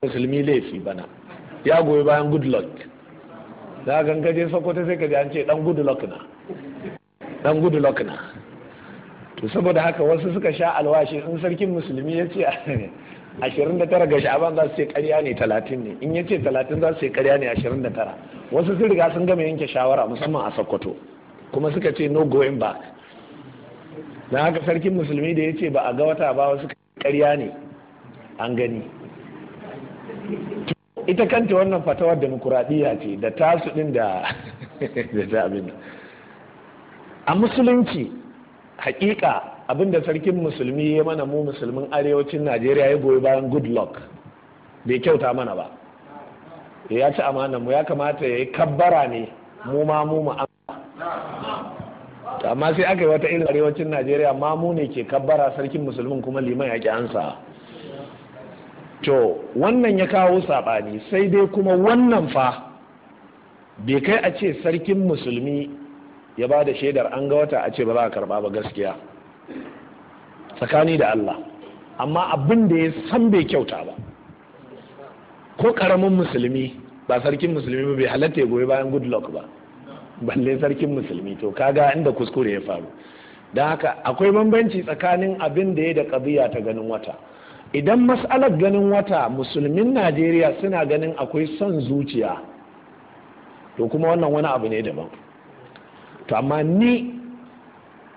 musulmi laifi bana ya goyi bayan good luck za a gangaje sokoto sai ka ji an ce dan good luck na dan good luck na to saboda haka wasu suka sha alwashi in sarkin musulmi ya ce ashirin da tara ga sha'aban za su ce karya ne talatin ne in ya ce talatin za su ce karya ne ashirin da tara wasu sun riga sun gama yanke shawara musamman a sokoto kuma suka ce no going back don haka sarkin musulmi da ya ce ba a ga wata ba wasu karya ne an gani ita kanta wannan fatawar demokuraɗiyya ce da tasu ɗin da abin a musulunci hakika abinda sarkin musulmi ya mana mu musulmin arewacin najeriya ya goyi bayan good luck bai kyauta mana ba ya ci amana mu ya kamata ya yi kabbara ne mu ma mu mu amma sai aka yi wata irin arewacin najeriya ma mu ne ke kabbara sarkin musulmin kuma liman ya ki ansa to wannan ya kawo saɓani sai dai kuma wannan fa bai kai a ce sarkin musulmi ya ba da shaidar an ga wata a ce ba za a karɓa ba gaskiya tsakani da Allah amma abin da ya san bai kyauta ba ko ƙaramin musulmi ba sarkin musulmi ba bai halatta ya goyi bayan good luck ba balle sarkin musulmi to kaga inda kuskure ya faru don haka akwai bambanci tsakanin abin da ya da ƙabiya ta ganin wata idan mas'alar ganin wata musulmin najeriya suna ganin akwai son zuciya to kuma wannan wani abu ne daban to amma ni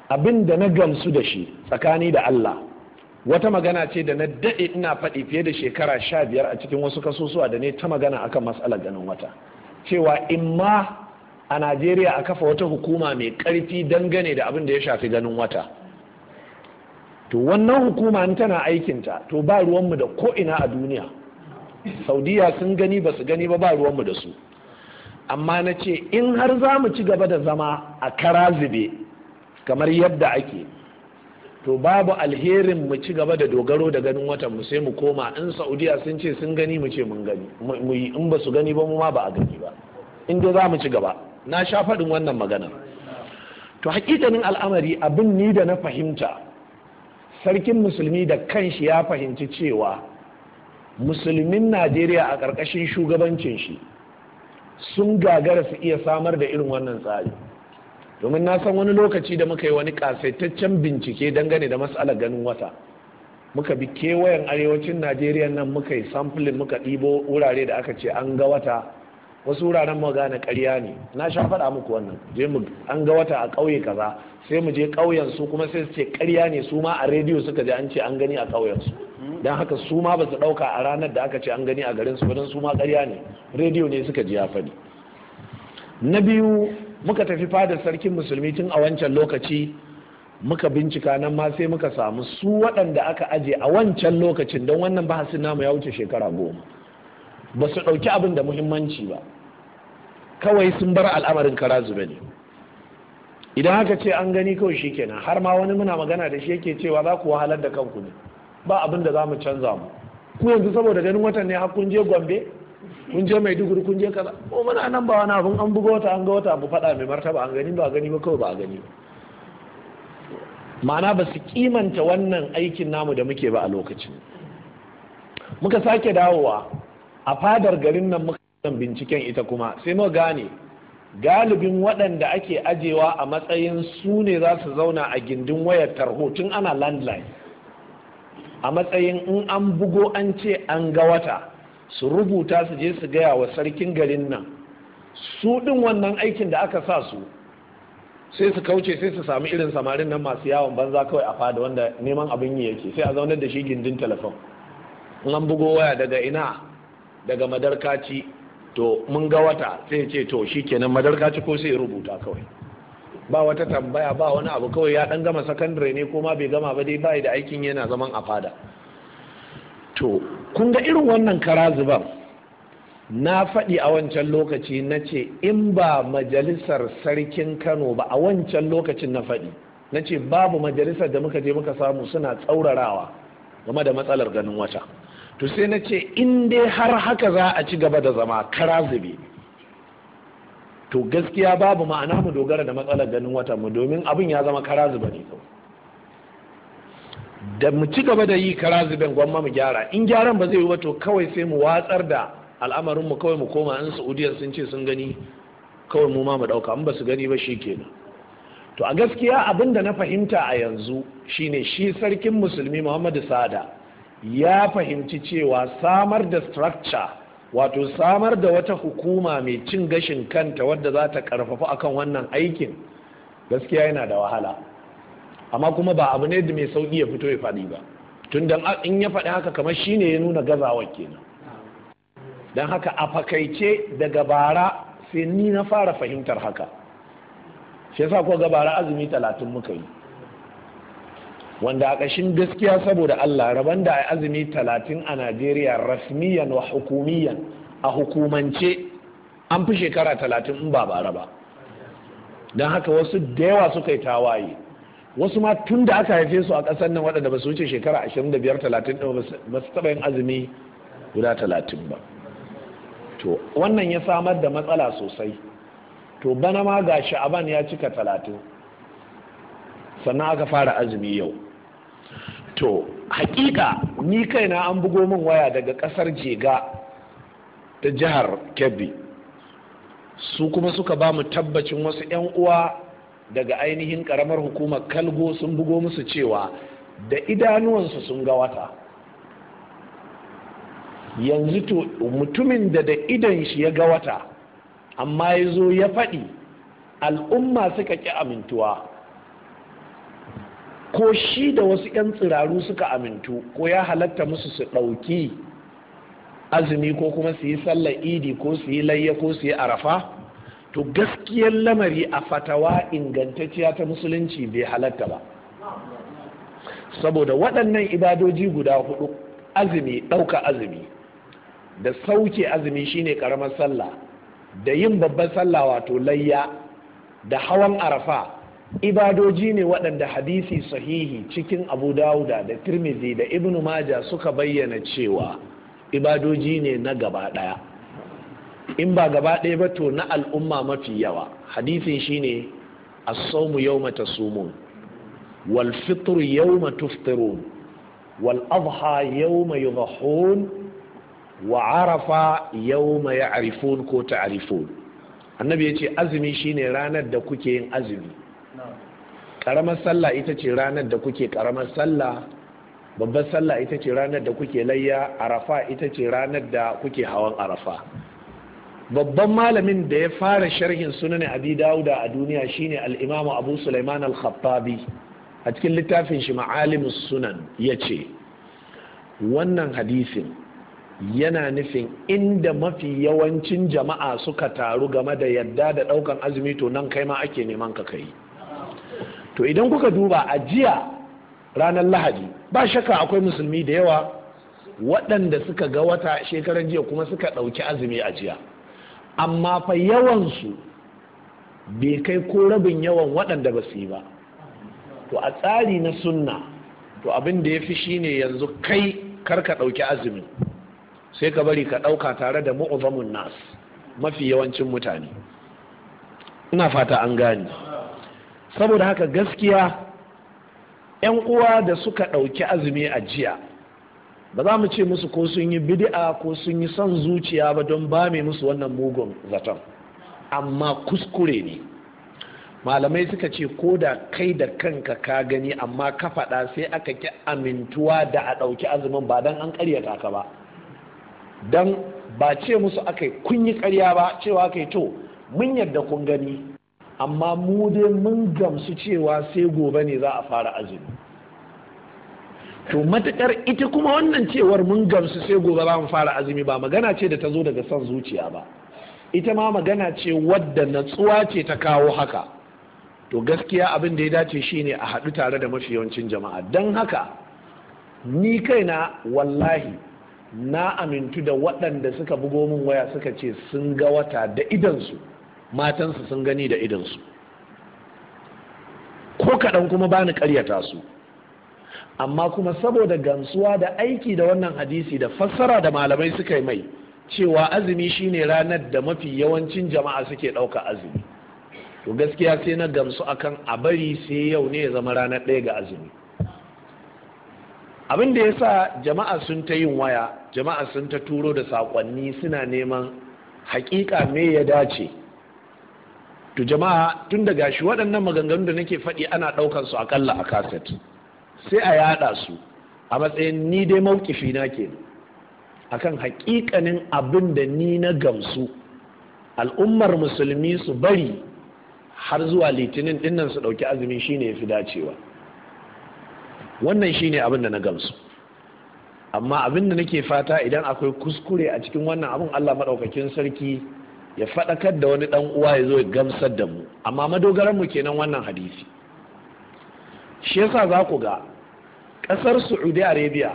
abin da na gamsu da shi tsakani da allah wata magana ce da na daɗe ina faɗi fiye da shekara sha biyar a cikin wasu kasusuwa da ne ta magana akan matsalar ganin wata cewa in ma a najeriya a kafa wata hukuma mai ƙarfi dangane da abin da ya shafi ganin wata to wannan hukuma in tana aikinta to ba ruwanmu da ko ina a duniya saudiya sun gani ba su gani ba ba ruwanmu da su amma na ce in har za mu ci gaba da zama a kara zube kamar yadda ake to babu alherin mu ci gaba da dogaro da ganin watanmu sai mu koma in saudiya sun ce sun gani mu ce mun gani mu yi in ba su gani ba mu ma ba a gani ba in dai za mu ci gaba na sha faɗin wannan magana to hakikanin al'amari abin ni da na fahimta sarkin musulmi da kanshi ya fahimci cewa musulmin najeriya a ƙarƙashin shugabancin shi sun gagara su iya samar da irin wannan tsari domin na san wani lokaci da muka yi wani ƙasaitaccen bincike dangane da matsalar ganin wata muka bi kewayen arewacin najeriya nan muka yi samfulin muka ɗibo wurare da aka ce an ga wata wasu wuraren magana karya ƙarya ne na sha faɗa muku wannan je mu an ga wata a ƙauye kaza sai mu je ƙauyen su kuma sai su ce ƙarya ne su ma a rediyo suka je an ce an gani a ƙauyen su dan haka su ma ba su ɗauka a ranar da aka ce an gani a garin su su ma ƙarya ne rediyo ne suka ji ya faɗi na biyu muka tafi fadar sarkin musulmi tun a wancan lokaci muka bincika nan ma sai muka samu su waɗanda aka aje a wancan lokacin don wannan bahasin namu ya wuce shekara goma ba su ɗauki abin da muhimmanci ba kawai sun bar al'amarin kara zube ne idan haka ce an gani kawai shi kenan har ma wani muna magana da shi yake cewa za ku wahalar da kanku ne ba abin da za mu canza mu ku yanzu saboda ganin watan ne kun je gombe kun je maiduguri kun je kaza ko muna nan ba wani abin an buga wata an ga wata abu faɗa mai martaba an gani ba gani ba kawai ba gani ba ma'ana ba su kimanta wannan aikin namu da muke ba a lokacin muka sake dawowa a fadar garin nan muka binciken ita kuma sai mu gane galibin waɗanda ake ajewa a matsayin su ne za su zauna a gindin wayar tarho tun ana landline a matsayin in an bugo an ce an ga wata su rubuta su je su gaya wa sarkin garin nan su ɗin wannan aikin da aka sa su sai su kauce sai su sami irin samarin nan masu yawon banza kawai a fada wanda neman abin yi yake sai a zaunar da shi gindin telefon in an bugo waya daga ina daga madarkaci to mun ga wata sai ce to shi shikenan madarkaci ko sai rubuta kawai ba wata tambaya ba wani abu kawai ya dan gama sakandare ne ko ma bai gama ba dai bai da aikin yana zaman a fada to kun ga irin wannan karazuban na faɗi a wancan lokaci na ce in ba majalisar sarkin kano ba a wancan lokacin na faɗi na ce babu majalisar da muka je muka samu suna tsaurarawa game da matsalar ganin wata to sai na ce in dai har haka za a ci gaba da zama kara zube to gaskiya babu ma'ana mu dogara da matsalar ganin wata mu domin abin ya zama kara zube ne da mu ci gaba da yi kara zuben gwamma mu gyara in gyaran ba zai yi wato kawai sai mu watsar da al'amarin mu kawai mu koma in saudiya sun ce sun gani kawai mu ma mu dauka in ba su gani ba shikenan to a gaskiya abin da na fahimta a yanzu shine shi sarkin musulmi Muhammadu Sada ya fahimci cewa samar da structure wato samar da wata hukuma mai cin gashin kanta wadda za ta karfafa akan wannan aikin gaskiya yana da wahala amma kuma ba abu ne da mai sauƙi ya fito ya faɗi ba tun da in ya faɗi haka kamar shine ya nuna gazawar kenan don haka a fakaice daga bara sai ni na fara fahimtar haka shi yasa ko gabara azumi talatin muka yi wanda a ƙashin gaskiya saboda Allah rabon da a azumi talatin a Najeriya rasmiyan wa hukumiyan a hukumance an fi shekara talatin in ba bara ba don haka wasu da yawa suka yi tawaye wasu ma tun da aka haife su a ƙasar nan waɗanda ba su wuce shekara 25-30 ba su taɓa yin azumi guda 30 ba to wannan ya samar da matsala sosai to bana ma ga sha'aban ya cika talatin sannan aka fara azumi yau to hakika ni kaina an bugo min waya daga kasar jega ta jihar kebbi su kuma suka ba mu tabbacin wasu 'yan uwa daga ainihin karamar hukumar kalgo sun bugo musu cewa da idanuwansu sun ga wata yanzu to mutumin da da idan shi ya ga wata amma ya zo ya faɗi al'umma suka ƙi amintuwa ko shi da wasu 'yan tsiraru suka amintu ko ya halatta musu su ɗauki azumi ko kuma su yi sallar idi ko su yi layya ko su yi arafa to gaskiyar lamari a fatawa ingantacciya ta musulunci bai halatta ba saboda waɗannan ibadoji guda hudu azumi ɗauka azumi da sauke azumi shine ƙaramar sallah da yin babban sallah wato layya da hawan arafa ibadoji ne waɗanda hadisi sahihi cikin abu dawuda da tirmidhi da ibnu maja suka bayyana cewa ibadoji ne na gaba ɗaya in ba gaba ɗaya ba to na al'umma mafi yawa hadisin shi shine as-sawmu yawma tasumun wal yau yawma tuftirun wal ma yawma yudhahun wa arafa ya ya'rifun ko ta arifun annabi ya yace azumi shine ranar da kuke yin azumi karamar sallah ita ce ranar da kuke karamar sallah babbar sallah ita ce ranar da kuke layya arafa ita ce ranar da kuke hawan arafa babban malamin da ya fara sharhin sunan abi dauda a duniya shine al-imamu abu sulaiman al-khattabi a cikin littafin shi ma'alimus sunan ya ce wannan hadisin yana nufin inda mafi yawancin jama'a suka taru game da yadda da daukan azumi to nan kai ma ake neman ka kai to idan kuka duba a jiya ranar lahadi ba shakka akwai musulmi da yawa waɗanda suka ga wata shekaran jiya kuma suka ɗauki azumi a jiya amma fa yawansu bai kai ko rabin yawan waɗanda ba su yi ba to a tsari na sunna to abin da ya fi shi ne yanzu kai kar ka ɗauki azumi sai ka bari ka ɗauka tare da mu'uzamun nas mafi yawancin mutane ina fata an gani saboda haka gaskiya 'yan uwa da suka ɗauki azumi a jiya ba za mu ce musu ko sun yi bidi'a ko sun yi son zuciya ba don ba mai musu wannan mugun zaton amma kuskure ne malamai suka ce ko da kai da kanka ka gani amma ka faɗa sai aka ki amintuwa da a ɗauki azumin ba don an ƙaryata ka ba don ba ce musu aka kun yi ƙarya ba cewa kai to mun yadda kun gani amma mu dai mun gamsu cewa sai gobe ne za a fara azumi to matukar ita kuma wannan cewar mun gamsu sai gobe za mu fara azumi ba magana ce da ta zo daga son zuciya ba ita ma magana ce wadda natsuwa ce ta kawo haka to gaskiya abin da ya dace shine a haɗu tare da mafi yawancin jama'a don haka ni kaina wallahi na amintu da waɗanda suka bugo min waya suka ce sun ga wata da idansu matansu sun gani da idansu ko kaɗan kuma ba ni ƙaryata su amma kuma saboda gamsuwa da aiki da wannan hadisi da fassara da malamai suka yi mai cewa azumi shine ranar da mafi yawancin jama'a suke ɗauka azumi to gaskiya sai na gamsu akan a bari sai yau ne ya zama ranar ɗaya ga azumi abin da ya sa jama'a sun ta yin waya jama'a sun ta turo da saƙonni suna neman haƙiƙa me ya dace to jama'a tun da gashi waɗannan maganganu da nake faɗi ana ɗaukar su aƙalla a kaset sai a yaɗa su a matsayin ni dai mawkifi na ke akan haƙiƙanin abin da ni na gamsu al'ummar musulmi su bari har zuwa litinin ɗinnan su ɗauki azumi shine ya fi dacewa wannan shine abin da na gamsu amma abin da nake fata idan akwai kuskure a cikin wannan abin allah maɗaukakin sarki ya faɗakar da wani ɗan uwa ya zo ya gamsar da mu amma madogaran mu kenan wannan hadisi shi yasa za ku ga ƙasar saudi arabia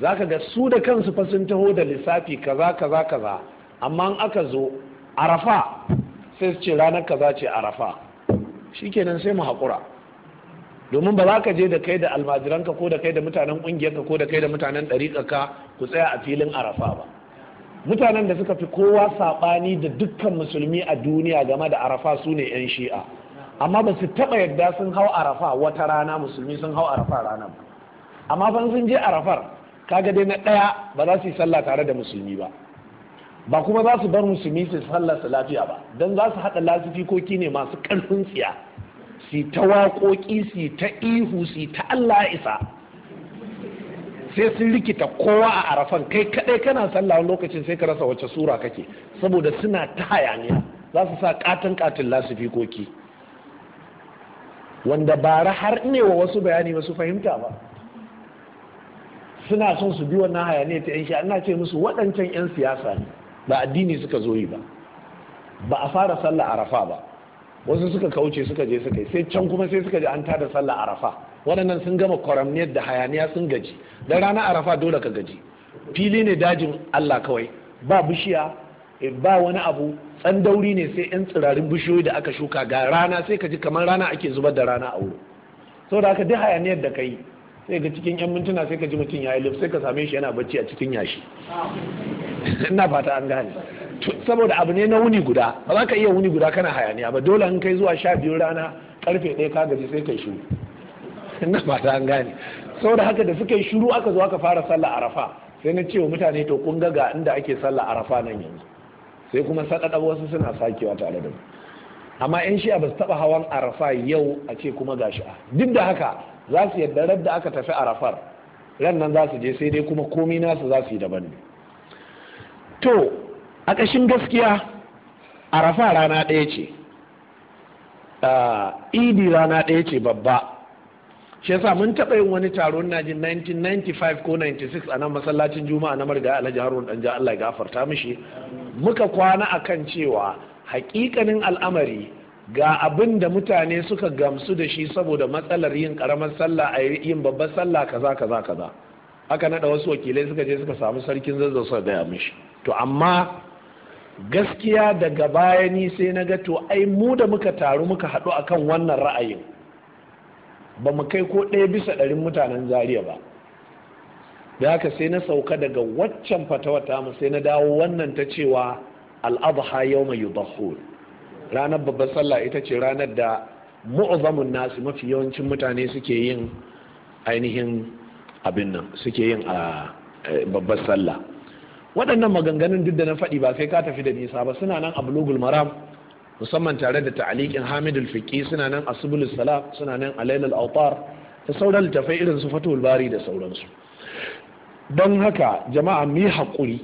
za ka ga su da kansu fa sun taho da lissafi kaza kaza kaza amma in aka zo arafa sai su ce ranar kaza ce arafa shikenan sai mu haƙura domin ba za ka je da kai da almajiranka ko da kai da mutanen ƙungiyarka ko da kai da mutanen ɗariƙarka ku tsaya a filin arafa ba mutanen da suka fi kowa saɓani da dukkan musulmi a duniya game da arafa su ne 'yan shi'a amma ba su taɓa yadda sun hau arafa wata rana musulmi sun hau arafa rana ba amma fa sun je arafar kaga dai na ɗaya ba za su yi sallah tare da musulmi ba ba kuma za su bar musulmi su sallah su lafiya ba don za su haɗa lasifikoki ne masu ƙarfin tsiya su ta waƙoƙi su ta ihu su ta allah isa sai sun rikita kowa a arafan kai kadai kana sallah wani lokacin sai ka rasa wace sura kake saboda suna ta hayaniya za su sa katon katin lasifikoki wanda bara har ne wa wasu bayani ba su fahimta ba suna son su bi wannan hayaniya ta 'yan shi ina ce musu waɗancan 'yan siyasa ne ba addini suka zo yi ba ba a fara sallah arafa ba wasu suka kauce suka je suka yi sai can kuma sai suka je an tada sallah arafa waɗannan sun gama kwaramniyar da hayaniya sun gaji da rana arafa dole ka gaji fili ne dajin allah kawai ba bishiya eh, ba wani abu tsandauri ne sai yan tsirarin bishiyoyi da aka shuka ga rana sai ka ji kamar rana ake zubar da rana a wuri da aka duk hayaniyar da ka yi sai ga cikin yan mintuna sai ka ji mutum ya yi sai ka same shi yana bacci a cikin yashi ina fata an gane saboda abu ne na wuni guda ba za ka iya wuni guda kana hayaniya ba dole in kai zuwa sha biyu rana karfe ɗaya ka gaji sai kai shiru na mata an gane sau da haka da suka yi shiru aka zo aka fara sallah arafa sai na ce wa mutane to kun ga inda ake sallah arafa nan yanzu sai kuma sadada wasu suna sakewa tare da mu amma yan shi'a ba su taba hawan arafa yau a ce kuma ga shi'a duk da haka za su yadda da aka tafi arafar ran nan za su je sai dai kuma komi nasu za su yi daban ne to a ƙashin gaskiya arafa rana ɗaya ce ah, idi rana ɗaya ce babba shi yasa mun taɓa yin wani taro na jin 1995 ko 96 a nan masallacin juma'a na marga alhaji harun ja allah ya gafarta mishi muka kwana akan cewa hakikanin al'amari ga abin da mutane suka gamsu da shi saboda matsalar yin karamar sallah a yin babbar sallah kaza kaza kaza na nada wasu wakilai suka je suka samu sarkin zazzau suka gaya mishi to amma gaskiya daga baya ni sai na ga to ai mu da muka taru muka haɗu akan wannan ra'ayin ba mu kai ko ɗaya bisa ɗarin mutanen zariya ba da haka sai na sauka daga waccan fatawata mu sai na dawo wannan ta cewa al'adha mai yudhahur ranar babbar sallah ita ce ranar da mu'azamun nasu mafi yawancin mutane suke yin ainihin abin nan suke yin a babbar sallah waɗannan maganganun duk da na faɗi ba sai ka tafi da nisa ba suna nan a bulugul maram musamman tare da ta'alikin Hamidul suna nan Asbulus Salah, suna nan Alail al-Awtar da sauran littafai irin su Fathul Bari da sauransu don haka jama'a mu haƙuri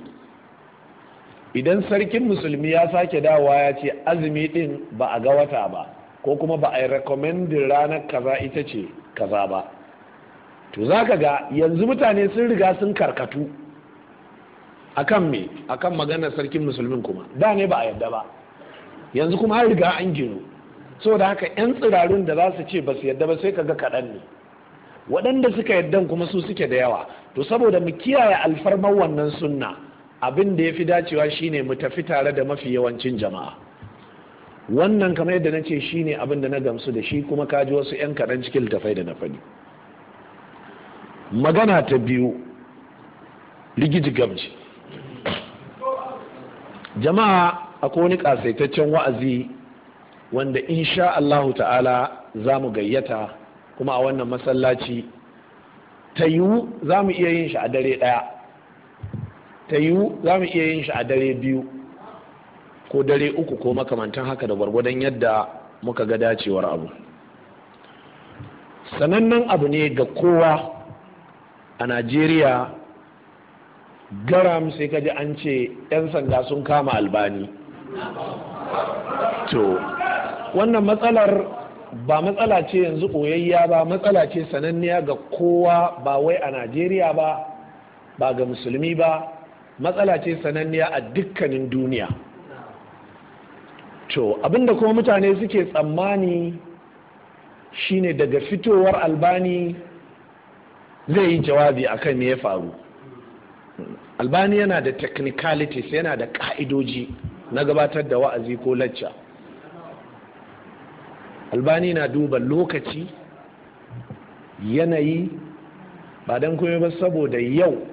idan sarkin musulmi ya sake dawowa ya ce azumi ɗin ba a ga wata ba ko kuma ba a yi rekomendin ranar kaza ita ce kaza ba to za ka ga yanzu mutane sun riga sun karkatu akan me akan maganar sarkin musulmin kuma da ne ba a yadda ba yanzu kuma an riga an gino so da haka 'yan tsirarun da za su ce ba su yadda ba sai kaga kaɗan ne waɗanda suka yadda kuma su suke da yawa to saboda mu kiyaye alfarmar wannan sunna abin da ya fi dacewa shine mu tafi tare da mafi yawancin jama'a wannan kamar yadda na ce shine abin da na gamsu da shi kuma ka ji wasu 'yan kaɗan cikin littafai da na faɗi magana ta biyu rigiji gamji jama'a akwai wani kasaitaccen wa'azi wanda insha Allahu ta'ala za mu gayyata kuma a wannan masallaci ta yiwu za mu iya yin shi a dare ɗaya ta yiwu za mu iya yin shi a dare biyu ko dare uku ko makamantan haka da gwargwadon yadda muka ga dacewar abu sanannen abu ne ga kowa a najeriya garam sai kaji an ce 'yan sanda sun kama albani to wannan matsalar ba matsala ce yanzu ɓoyayya ba matsala ce sananniya ga kowa ba wai a najeriya ba ba ga musulmi ba matsala ce sananniya a dukkanin duniya to abinda kuma mutane suke tsammani shine daga fitowar albani zai yi jawabi akan me ya faru albani yana da technicalities yana da ka'idoji na gabatar da wa'azi ko lacca albani na duba lokaci yanayi ba don kuma ba saboda yau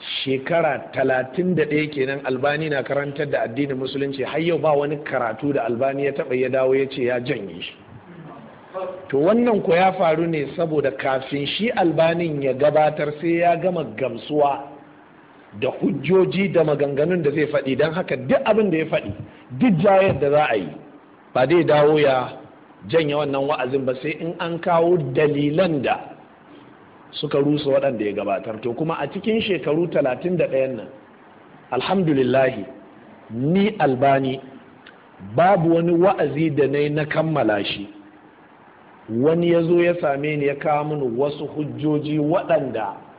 shekara talatin da ɗaya kenan albani na karantar da addinin musulunci har yau ba wani karatu da albani ya taɓa ya dawo ya ce ya janye shi to wannan ko ya faru ne saboda kafin shi albanin ya gabatar sai ya gama gamsuwa da hujjoji da maganganun da zai faɗi don haka duk abin da ya faɗi duk jayar da za a yi ba dai dawo ya janya wannan wa'azin ba sai in an kawo dalilan da suka rusa waɗanda ya gabatar to kuma a cikin shekaru talatin da ɗayan nan alhamdulillahi ni albani babu wani wa'azi da na yi na kammala shi wani ya zo ya same ni ya kawo mini wasu hujjoji waɗanda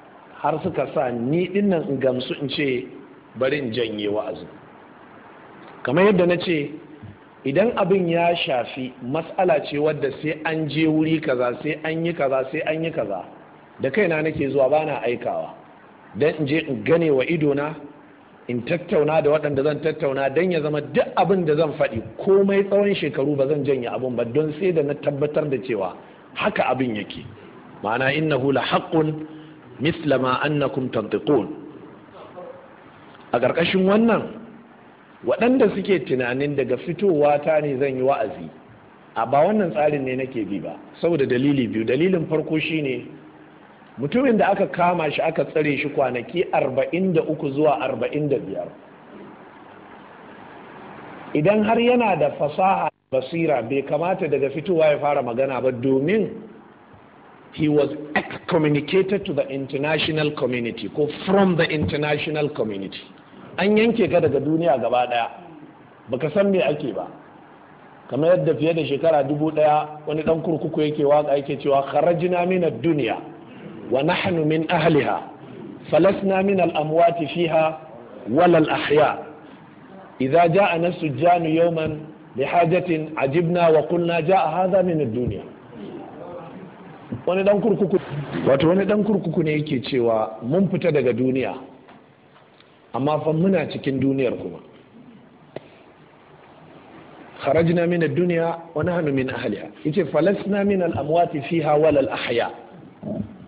har suka sa ni dinnan in gamsu in ce bari in janye wa'azi kamar yadda na ce idan abin ya shafi matsala ce wadda sai an je wuri kaza sai an yi kaza sai an yi kaza da kaina nake zuwa bana aikawa don in je in gane wa idona in tattauna da waɗanda zan tattauna don ya zama duk abin da zan faɗi komai tsawon shekaru ba zan janye abin ba don sai da na tabbatar da cewa haka abin yake ma'ana innahu hula haƙƙun. mislama annakum tantiqun a ƙarƙashin wannan waɗanda suke tunanin daga fitowa ta ne zan yi wa'azi a ba wannan tsarin ne nake bi ba saboda dalili biyu dalilin farko shine mutumin da aka kama shi aka tsare shi kwanaki 43 zuwa 45 idan har yana da fasaha basira bai kamata daga fitowa ya fara magana ba domin he was excommunicated to the international community ko from the international community an yanke ka daga duniya gaba daya baka san me ake ba kamar yadda fiye da shekara dubu daya wani dan kurkuku yake waka yake cewa kharajna min ad-dunya wa nahnu min ahliha falasna min al-amwati fiha wala al-ahya idza ja'a sujjanu yawman bihajatin ajibna wa qulna ja'a hadha min ad-dunya wani dan kurkuku wato wani dan kurkuku ne yake cewa mun fita daga duniya amma fa muna cikin duniyar kuma kharajna min ad-dunya wa nahnu min ahliha yace falasna min al-amwati fiha wal al-ahya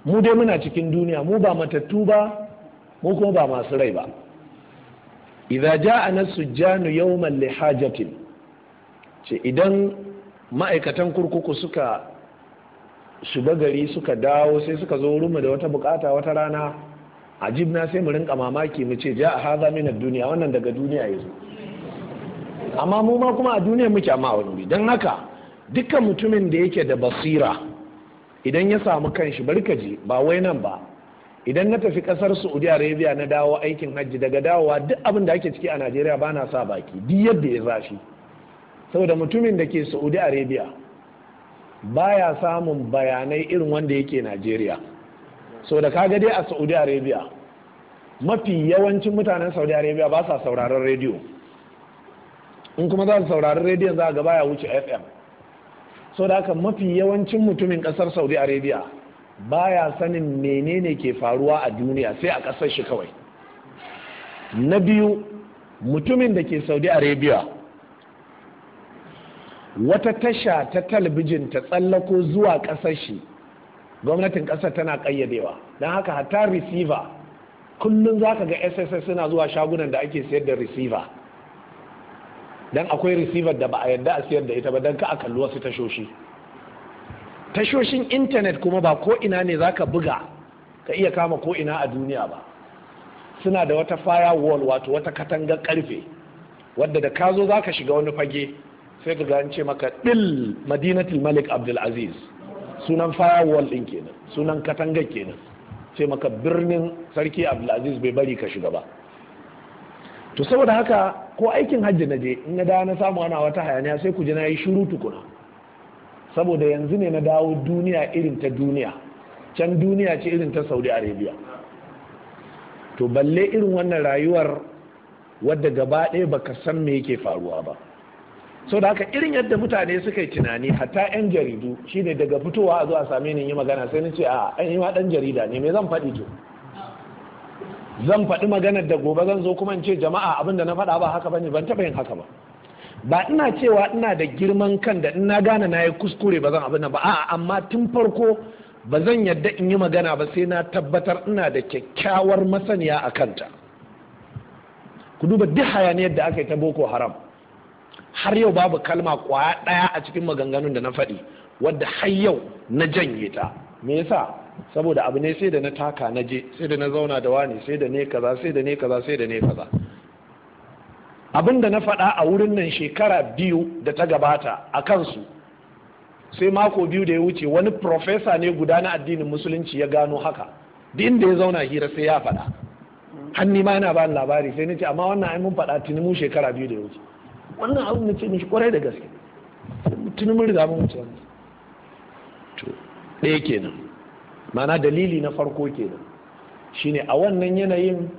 mu dai muna cikin duniya mu ba matattu ba mu kuma ba masu rai ba idza ja'a nasujjanu yawman lihajatin ce idan ma'aikatan kurkuku suka shiga gari suka dawo sai suka zo wurinmu da wata bukata wata rana A jibna sai mu rinka mamaki mu ce ja haza mina duniya wannan daga duniya ya zo. amma mu ma kuma a duniya muke amma a wani don haka dukkan mutumin da yake da basira idan ya samu kanshi bari ka ji ba wai nan ba idan na tafi kasar saudi arabia na dawo aikin hajji daga dawowa duk abin da ake ciki a najeriya ba na sa baki duk yadda ya zafi saboda mutumin da ke saudi arabia baya samun bayanai irin wanda yake najeriya so da kaga dai a saudi arabia mafi yawancin mutanen saudi arabia ba sa sauraron rediyo in kuma za su saurari rediyon za a baya wuce fm so da haka mafi yawancin mutumin kasar saudi arabia baya sanin menene ke faruwa a duniya sai a kasar shi kawai na biyu mutumin da ke saudi arabia wata tasha ta talabijin ta tsallako zuwa ƙasar shi gwamnatin ƙasar tana ƙayyadewa don haka hata receiver kullum za ka ga sss suna zuwa shagunan da ake sayar da receiver don akwai receiver da ba a yarda a sayar da ita ba don ka a kalli wasu tashoshi tashoshin intanet kuma ba ko ina ne za ka buga ka iya kama ko'ina a duniya ba suna da wata firewall wato wata katangar karfe wadda da ka zo za ka shiga wani fage sai ka an maka dil madinatul malik aziz sunan firewall din kenan sunan katanga kenan sai maka birnin sarki aziz bai bari ka shiga ba to saboda haka ko aikin hajji na je in na dawo na samu ana wata hayaniya sai ku ji na yi shiru tukuna saboda yanzu ne na dawo duniya irin ta duniya can duniya ce irin ta saudi arabia to balle irin wannan rayuwar wadda gaba ɗaya baka san me yake faruwa ba so da haka irin yadda mutane suka yi tunani hatta yan jaridu shine daga fitowa a zuwa same ni yi magana sai ni ce a an yi ma dan jarida ne me zan faɗi to zan faɗi maganar da gobe zan zo kuma in ce jama'a abinda na faɗa ba haka bane ban taɓa yin haka ba ba ina cewa ina da girman kan da ina gane na yi kuskure ba zan abin ba a'a amma tun farko ba zan yadda in yi magana ba sai na tabbatar ina da kyakkyawar masaniya a kanta ku duba duk hayaniyar da aka yi ta boko haram har yau babu kalma kwaya ɗaya a cikin maganganun da na faɗi wadda har yau na janye ta me yasa saboda abu ne sai da na taka na je sai da na zauna da wani sai da ne kaza sai da ne kaza sai da ne kaza abin da na faɗa a wurin nan shekara biyu da ta gabata a kansu sai mako biyu da ya wuce wani profesa ne guda na addinin musulunci ya gano haka duk inda ya zauna hira sai ya faɗa Hanni ma yana ba labari sai ni ce amma wannan ai mun faɗa tuni mu shekara biyu da ya wuce wannan abin da ce mishi kwarai da gaske tuni riga mun wuce wani to ɗaya kenan mana dalili na farko kenan shine a wannan yanayin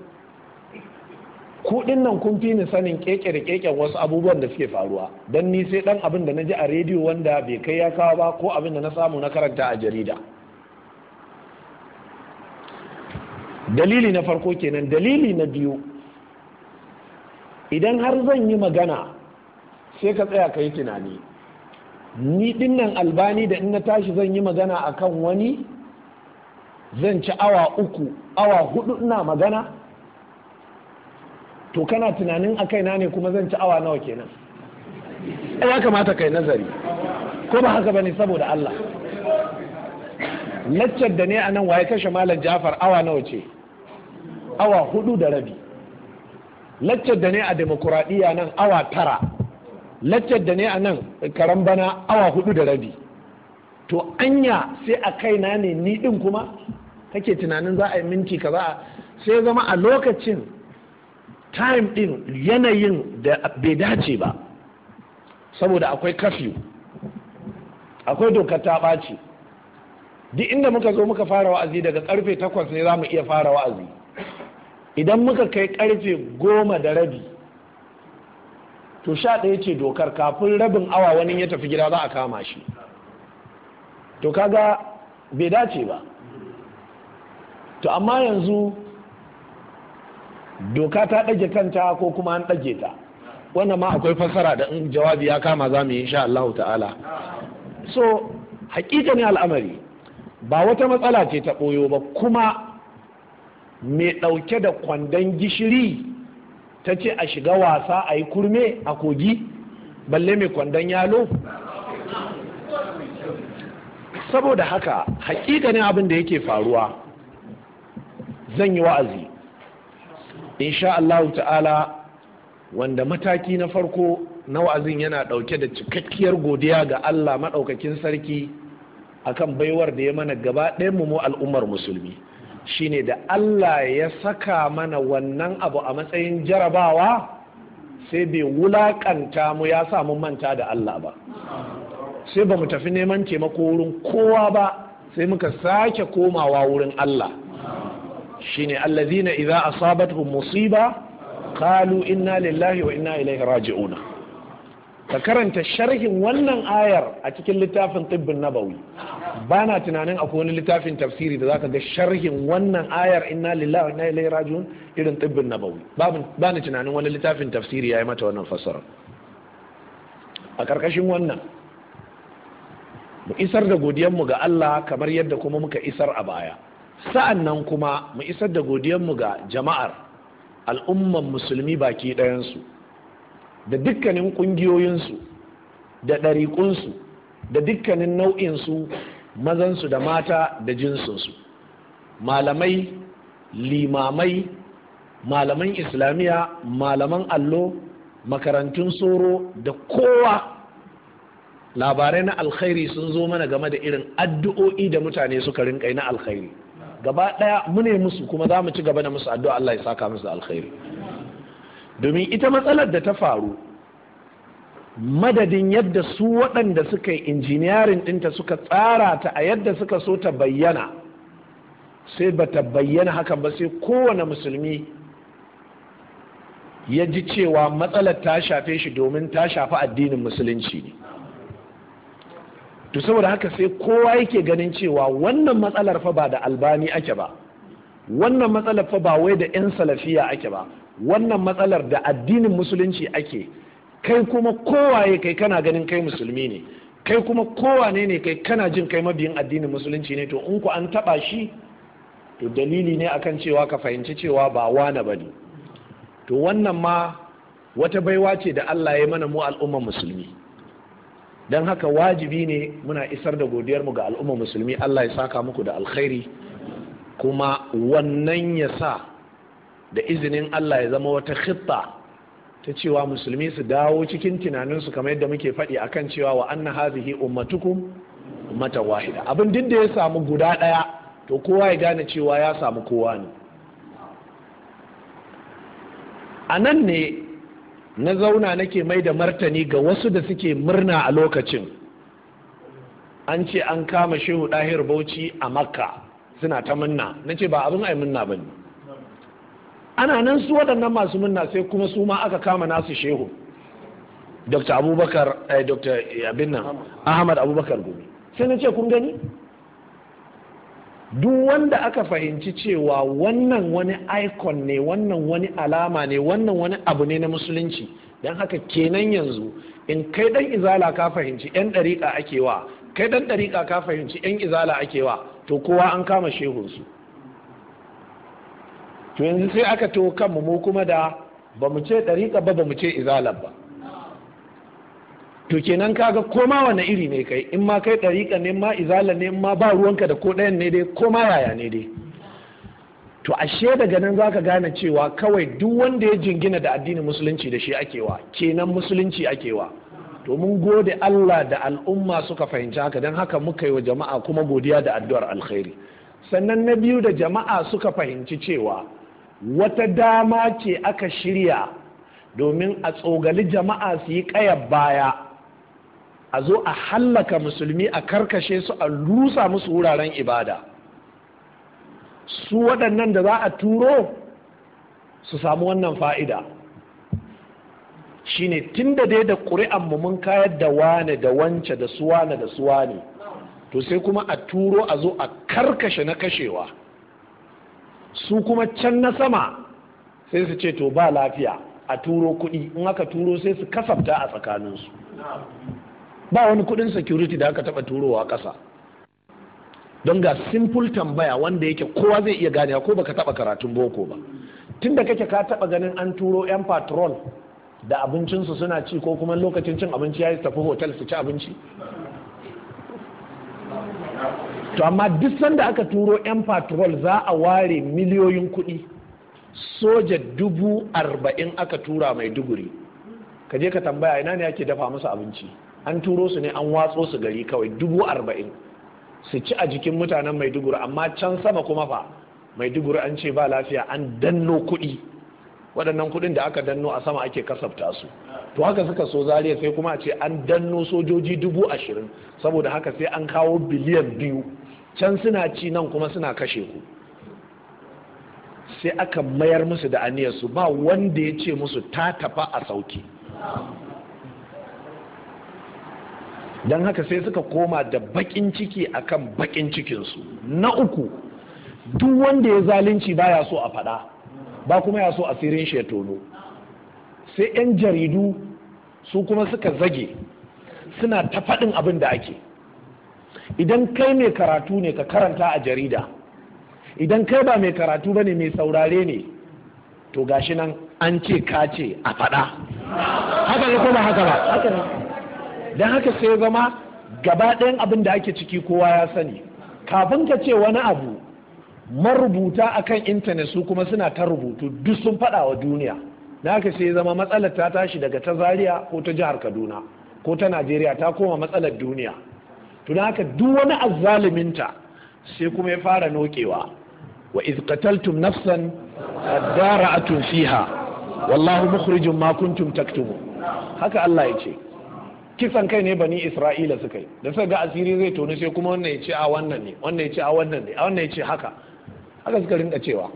kuɗin nan kun fi ni sanin keke da keke wasu abubuwan da suke faruwa Don ni sai ɗan abin da na ji a rediyo wanda bai kai ya kawo ba ko abin da na samu na karanta a jarida dalili na farko kenan dalili na biyu idan har zan yi magana sai ka tsaya ka yi tunani ni dinnan albani da in na tashi zan yi magana akan wani zan ci awa uku awa hudu ina magana to kana tunanin a kaina ne kuma zan ci awa nawa kenan ya kamata kai nazari ko ba haka bane saboda Allah laccar da ne a nan waye kashe malam jafar awa nawa ce awa hudu da rabi laccar da ne a demokuraɗiyya nan awa tara laccar da ne a nan karan bana awa hudu da rabi to anya sai a kai na ne ni din kuma kake tunanin za a yi minti ka za sai zama a lokacin time din yanayin da bai dace ba saboda akwai kafiyu akwai dokar ta ɓaci duk inda muka zo muka fara wa'azi daga karfe takwas ne za mu iya fara wa'azi idan muka kai karfe goma da rabi to sha ɗaya ce dokar kafin rabin awa wani ya tafi gida za a kama shi to kaga bai dace ba to amma yanzu doka ta ɗage kanta ko kuma an ɗage ta wannan ma akwai fassara da in jawabi ya kama za mu yi insha Allah ta'ala so ne al'amari ba wata matsala ce ta ɓoyo ba kuma mai ɗauke da kwandon gishiri ta ce a shiga wasa a yi kurme a kogi balle mai kwandon yalo saboda haka ne abin da yake faruwa zan yi wa'azi insha Allah ta'ala wanda mataki na farko na wa'azin yana ɗauke da cikakkiyar godiya ga Allah maɗaukakin sarki akan baiwar da ya mana gaba ɗayan mu al'ummar musulmi shine da Allah ya saka mana wannan abu a matsayin jarabawa sai bai wulaƙanta mu ya sa mu manta da Allah ba sai ba mu tafi neman taimako wurin kowa ba sai muka sake komawa wurin Allah shine allazina idza asabatuhum musiba Kalu inna lillahi wa inna ilaihi raji'una ka karanta sharhin wannan ayar a cikin littafin tibbin nabawi ba na tunanin akwai wani littafin tafsiri da zaka ga sharhin wannan ayar inna lillahi wa inna ilaihi raji'un irin tibbin nabawi ba na tunanin wani littafin tafsiri yayi mata wannan fassara a karkashin wannan mu isar da godiyanmu ga Allah kamar yadda kuma muka isar a baya sa'an nan kuma mu isar da godiyanmu ga jama'ar al'umman musulmi baki ɗayansu da dukkanin ƙungiyoyinsu da ɗariƙunsu da dukkanin nau'insu mazansu da mata da jinsinsu malamai limamai malaman islamiyya malaman allo makarantun soro da kowa labarai na alkhairi sun zo mana game da irin addu'o'i da mutane suka rinkai na alkhairi gaba ɗaya mune musu kuma za mu ci gaba da musu addu'a Allah ya saka musu alkhairi domin ita matsalar da ta faru madadin yadda su waɗanda suka yi injiniyarin ɗinta suka tsara ta a yadda suka so ta bayyana sai ba ta bayyana hakan ba sai kowane musulmi ya ji cewa matsalar ta shafe shi domin ta shafi addinin musulunci ne to saboda haka sai kowa yake ganin cewa wannan matsalar fa ba da albani ake ba wannan matsalar fa ba wai da 'yan salafiya ake ba wannan matsalar da addinin musulunci ake kai kuma kowaye kai kana ganin kai musulmi ne kai kuma kowane ne kai kana jin kai mabiyin addinin musulunci ne to in ku an taba shi to dalili ne akan cewa ka fahimci cewa ba wane ba ne to wannan ma wata baiwa ce da Allah ya mana mu al'umman musulmi don haka wajibi ne muna isar da godiyarmu ga al'umman musulmi Allah ya saka muku da alkhairi kuma wannan ya sa da izinin Allah ya zama wata khitta ta cewa musulmi su dawo cikin tunaninsu kamar yadda muke faɗi akan cewa wa anna hazihi ummatukum wahida abin duk da ya samu guda ɗaya to kowa ya gane cewa ya samu kowa ne a nan ne na zauna nake mai da martani ga wasu da suke murna a lokacin an ce an kama shehu ɗahir bauchi a makka suna ta munna na ce ba abin ai munna ba ne ana nan su waɗannan masu munna sai kuma su ma aka kama nasu shehu dr abubakar eh, dr eh, abin ahmad abubakar gumi sai na ce kun gani duk wanda aka fahimci cewa wannan wani icon ne wannan wani alama ne wannan wani abu ne na musulunci don haka kenan yanzu in kai dan izala ka fahimci yan ɗariƙa ake wa kai dan ɗariƙa ka fahimci yan izala ake wa to kowa an kama shehunsu to yanzu sai aka to kanmu mu kuma da ba mu ce ɗariƙa ba ba mu ce izalar ba to kenan kaga koma wani iri ne kai in ma kai ɗariƙa ne ma izala ne ma ba ruwanka da ko ɗayan ne dai koma yaya ne dai to ashe daga nan ka gane cewa kawai duk wanda ya jingina da addinin musulunci da shi akewa kenan musulunci akewa to mun gode Allah da al'umma suka fahimci haka don haka muka yi wa jama'a kuma godiya da addu'ar alkhairi sannan na biyu da jama'a suka fahimci cewa wata dama ce aka shirya domin a tsogali jama'a su yi ƙayar baya a zo a hallaka musulmi a karkashe su a lusa musu wuraren ibada su waɗannan da za a turo su samu wannan fa'ida shine tun da dai da mu mun kayar da wane da wance da suwane da suwane to sai kuma a turo a zo a karkashe na kashewa su kuma can na sama sai su ce to ba lafiya a turo kuɗi in aka turo sai su kasafta a tsakaninsu ba wani kuɗin security da aka taba turowa kasa don ga simple tambaya wanda yake kowa zai iya gane ko baka taɓa karatun boko ba tunda kake ka taba ganin an turo 'yan patrol da abincinsu suna ci ko kuma lokacin cin abinci ya yi tafi hotel su ci abinci to amma duk sanda aka turo 'yan patrol za a ware miliyoyin kuɗi soja dubu arba'in aka tura mai duguri ka je ka tambaya ina ne ake dafa musu abinci an turo su ne an watso su gari kawai dubu arba'in su ci a jikin mutanen mai duguri, amma can sama kuma fa Mai duguri an ce ba lafiya an danno kuɗi waɗannan kuɗin da aka danno a sama ake kasafta su to haka suka so zariya sai kuma a ce an danno sojoji dubu ashirin saboda haka sai an kawo biliyan biyu can suna ci nan kuma suna kashe ku sai aka mayar musu da aniyarsu ba wanda ya ce musu ta tafa a sauki don haka sai suka koma da bakin ciki akan bakin cikinsu na uku duk wanda ya zalunci ba ya so a faɗa ba kuma ya so asirin shi ya sai 'yan jaridu su kuma suka zage suna ta faɗin abin da ake idan kai mai karatu ne ka karanta a jarida idan kai ba mai karatu ba ne mai saurare ne to gashi nan an ce ka ce a faɗa haka ne ko ba haka ba don haka sai ya zama gaba ɗayan abin da ake ciki kowa ya sani kafin ka ce wani abu marubuta akan intanet su kuma suna ta rubutu duk sun faɗa wa duniya da haka sai ya zama matsalar ta tashi daga ta zaria ko ta jihar kaduna ko ta najeriya ta koma matsalar duniya to haka duk wani azzaliminta sai kuma ya fara nokewa wa iz qataltum nafsan fadara'atun fiha wallahu mukhrijum ma kuntum taktubu. haka Allah ya ce kisan kai ne bani Isra'ila suka yi da suka ga asiri zai tonu sai kuma wannan ya ce a wannan ne wannan ya ce a wannan ne a wannan ya ce haka haka suka rinka cewa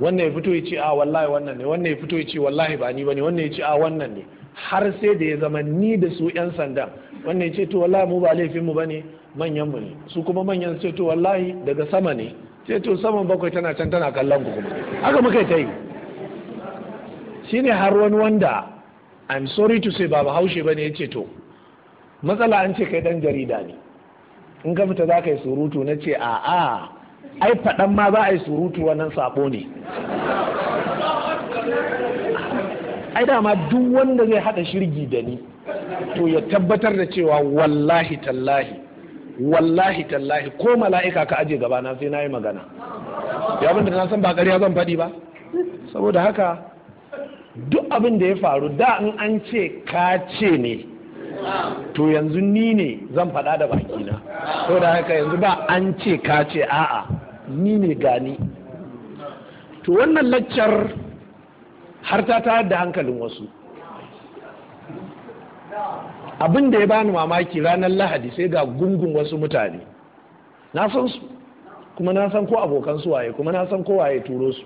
wannan ya fito ya ce a wallahi wannan ne wannan ya fito ya ce wallahi ba ni bane wannan ya ce a wannan ne har sai da ya zama ni da su yan sandan wannan ya ce to wallahi mu ba laifin mu bane manyan mu ne su kuma manyan ce to wallahi daga sama ne ce to saman bakwai tana can tana kallon ku kuma haka muka ta yi shine har wani wanda i'm sorry to say ba bahaushe bane ya ce to matsala an ce kai dan jarida ne in ka fita za ka yi surutu na ce a'a ai faɗan ma za a yi surutu wannan sabo ne ai dama duk wanda zai hada shirgi da ni to ya tabbatar da cewa wallahi tallahi wallahi tallahi ko mala'ika ka aje gaba na sai na yi magana ya da na san ba ƙarya zan faɗi ba saboda haka duk abin da ya faru da in an ce ka ce ne to yanzu ni ne zan faɗa da bakina saboda haka yanzu ba an ce ka ce a'a ni ne gani to wannan laccar har ta tayar da hankalin wasu abin da ya bani mamaki ranar lahadi sai ga gungun wasu mutane na san su kuma na san ko abokan su waye kuma na san ko waye turo su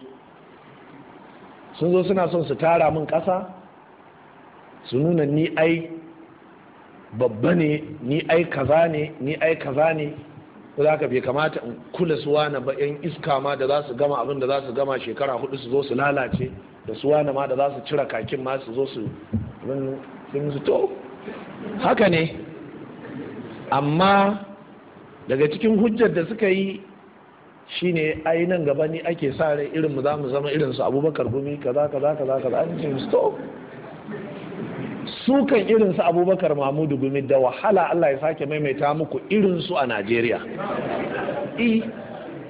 sun zo suna son su tara min kasa su nuna ni ai babba ne ni ai kaza ne ni ai kaza ne ko za ka bai kamata in kula suwa na ba 'yan iska ma da za su gama abin da za su gama shekara hudu su zo su lalace da su wani ma da za su cira kakin ma su zo su sun su to haka ne amma daga cikin hujjar da suka yi shine ne nan gaba ni ake sa rai irin mu za mu zama irin su abubakar gumi kaza kaza kaza kaza an ce to su kan irin su abubakar mamudu gumi da wahala Allah ya sake maimaita muku irin su a Najeriya i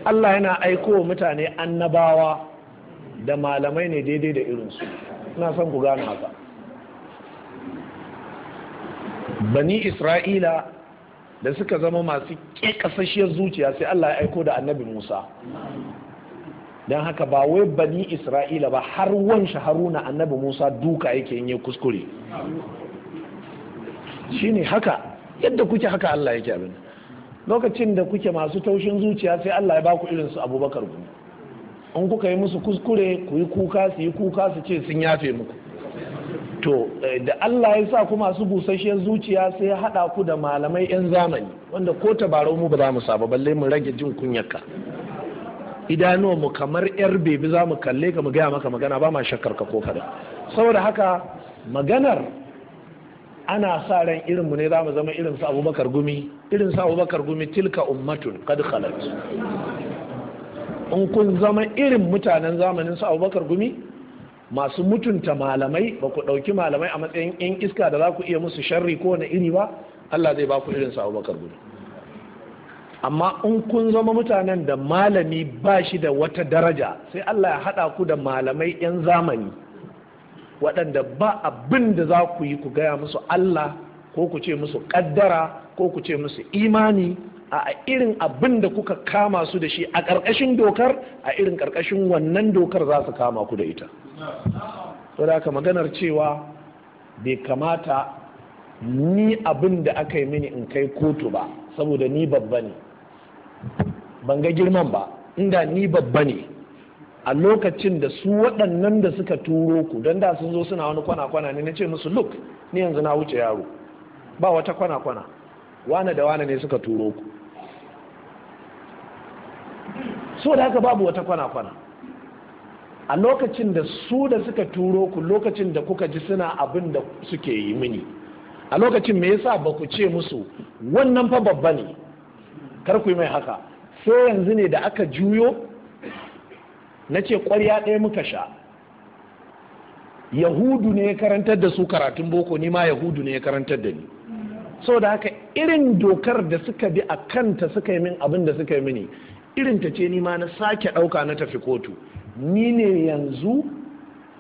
Allah yana aiko mutane annabawa da malamai ne daidai da irinsu ina son ku gane haka bani isra'ila da suka zama masu ƙeƙasashiyar zuciya sai allah ya aiko da annabi musa don haka ba wai bani isra'ila ba har wanshi haruna annabi musa duka yake yin kuskure shine haka yadda kuke haka allah yake abin lokacin da kuke masu taushin zuciya sai allah ya baku irinsu abubakar gudu in kuka yi musu kuskure ku yi kuka su yi kuka su ce sun yafe muku to eh, da Allah ya sa ku masu busasshen zuciya sai ya haɗa ku da malamai 'yan zamani wanda ko tabarau mu ba za mu saba balle mu rage jin kunyaka idanuwa mu kamar 'yar bebi za mu kalle ka mu gaya maka magana ba ma shakkar ka ko kada saboda haka maganar ana sa ran irin mu ne za mu zama irin su abubakar gumi irin su abubakar gumi tilka ummatun kad khalat in kun zama irin mutanen zamanin su abubakar gumi masu mutunta malamai ba ku ɗauki malamai a matsayin yan iska da za ku iya musu sharri ko wani iri ba allah zai ba ku irin su abubakar gumi amma in kun zama mutanen da malami ba shi da wata daraja sai allah ya haɗa ku da malamai yan zamani waɗanda ba abin da za ku yi ku gaya musu allah ko ku ce musu ƙaddara ko ku ce musu imani a irin abin da kuka kama su da shi a ƙarƙashin dokar a irin ƙarƙashin wannan dokar za su kama ku da ita to da maganar cewa bai kamata ni abin da aka yi mini in kai kotu ba saboda ni babba ne ban ga girman ba inda ni babba ne a lokacin da su waɗannan da suka turo ku don da sun zo suna wani kwana-kwana ne na ce musu look ni yanzu na wuce yaro ba wata kwana-kwana wane da wane ne suka turo ku so da haka babu wata kwana-kwana a lokacin da su da suka turo ku lokacin da kuka ji suna abin da suke yi mini a lokacin me yasa ba ku ce musu wannan fa babba ne kar ku yi mai haka sai yanzu ne da aka juyo na ce ƙwarya ɗaya muka sha yahudu ne ya karantar da su karatun boko ni ma yahudu ne ya karantar da ni so da haka irin dokar da suka bi a kanta suka yi min abin da suka yi mini irin ta ce nima na sake ɗauka na tafi kotu ni ne yanzu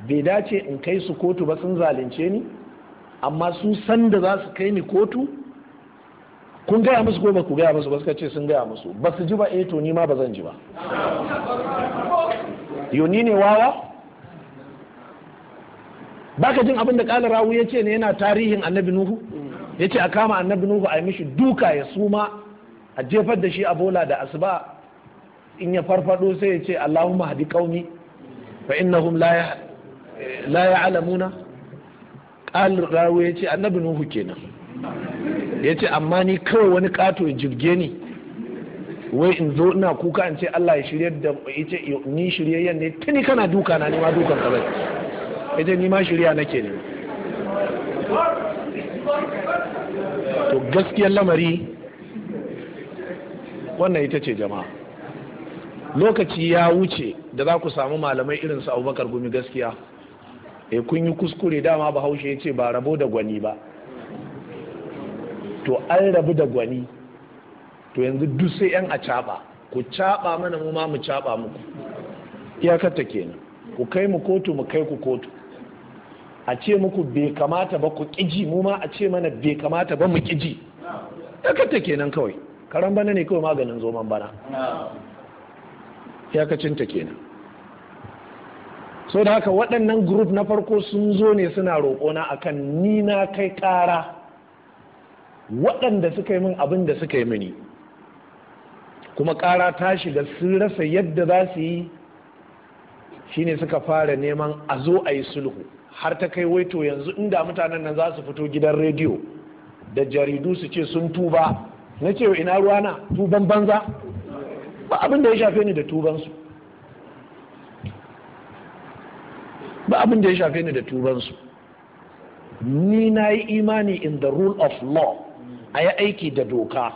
bai dace in kai su kotu ba sun zalunce ni amma su san da za su kai ni kotu kun gaya musu ko ba ku gaya musu ba suka ce sun gaya musu ba su ji ba eh to ni ma ba zan ji ba ni ne wawa baka jin abin da kala rawu ya ce ne yana tarihin annabi nuhu ya ce a kama annabi nuhu a yi mishi duka ya suma a jefar da shi a bola da asuba in ya farfado sai ya ce Allahumma hadi qaumi fa innahum la la ya'lamuna qal rawi ya ce annabi nuhu kenan ya ce amma ni kawai wani kato jirge ni wai in zo ina kuka in ce Allah ya shirye da ya ce ni yan ne tuni kana duka na ni ma dukan ka bai ya ce ni ma shirya nake ne to gaskiyar lamari wannan ita ce jama'a lokaci ya wuce da za ku samu malamai irin su abubakar gumi gaskiya e kun yi kuskure dama bahaushe ya ce ba rabo da gwani ba to an rabu da gwani to yanzu duk sai yan a caɓa ku caɓa mana mu ma mu caɓa muku iyakarta kenan ku kai mu kotu mu kai ku kotu a ce muku bai kamata ba ku ƙiji mu ma a ce mana bai kamata ba mu ƙiji iyakarta kenan kawai karan bana ne kawai maganin zoman bana iyakacinta kenan so da haka waɗannan group na farko sun zo ne suna roƙona akan ni na kai ƙara waɗanda suka yi min abin da suka yi mini kuma ƙara ta shiga sun rasa yadda za su yi shine suka fara neman a zo a yi sulhu har ta kai waito yanzu inda mutanen nan za su fito gidan rediyo da jaridu su ce sun tuba na ce ina ruwana tuban banza ba abin da ya shafe ni da tubansu ba abin da ya shafe ni da tubansu ni na yi imani in the rule of law a yi aiki da doka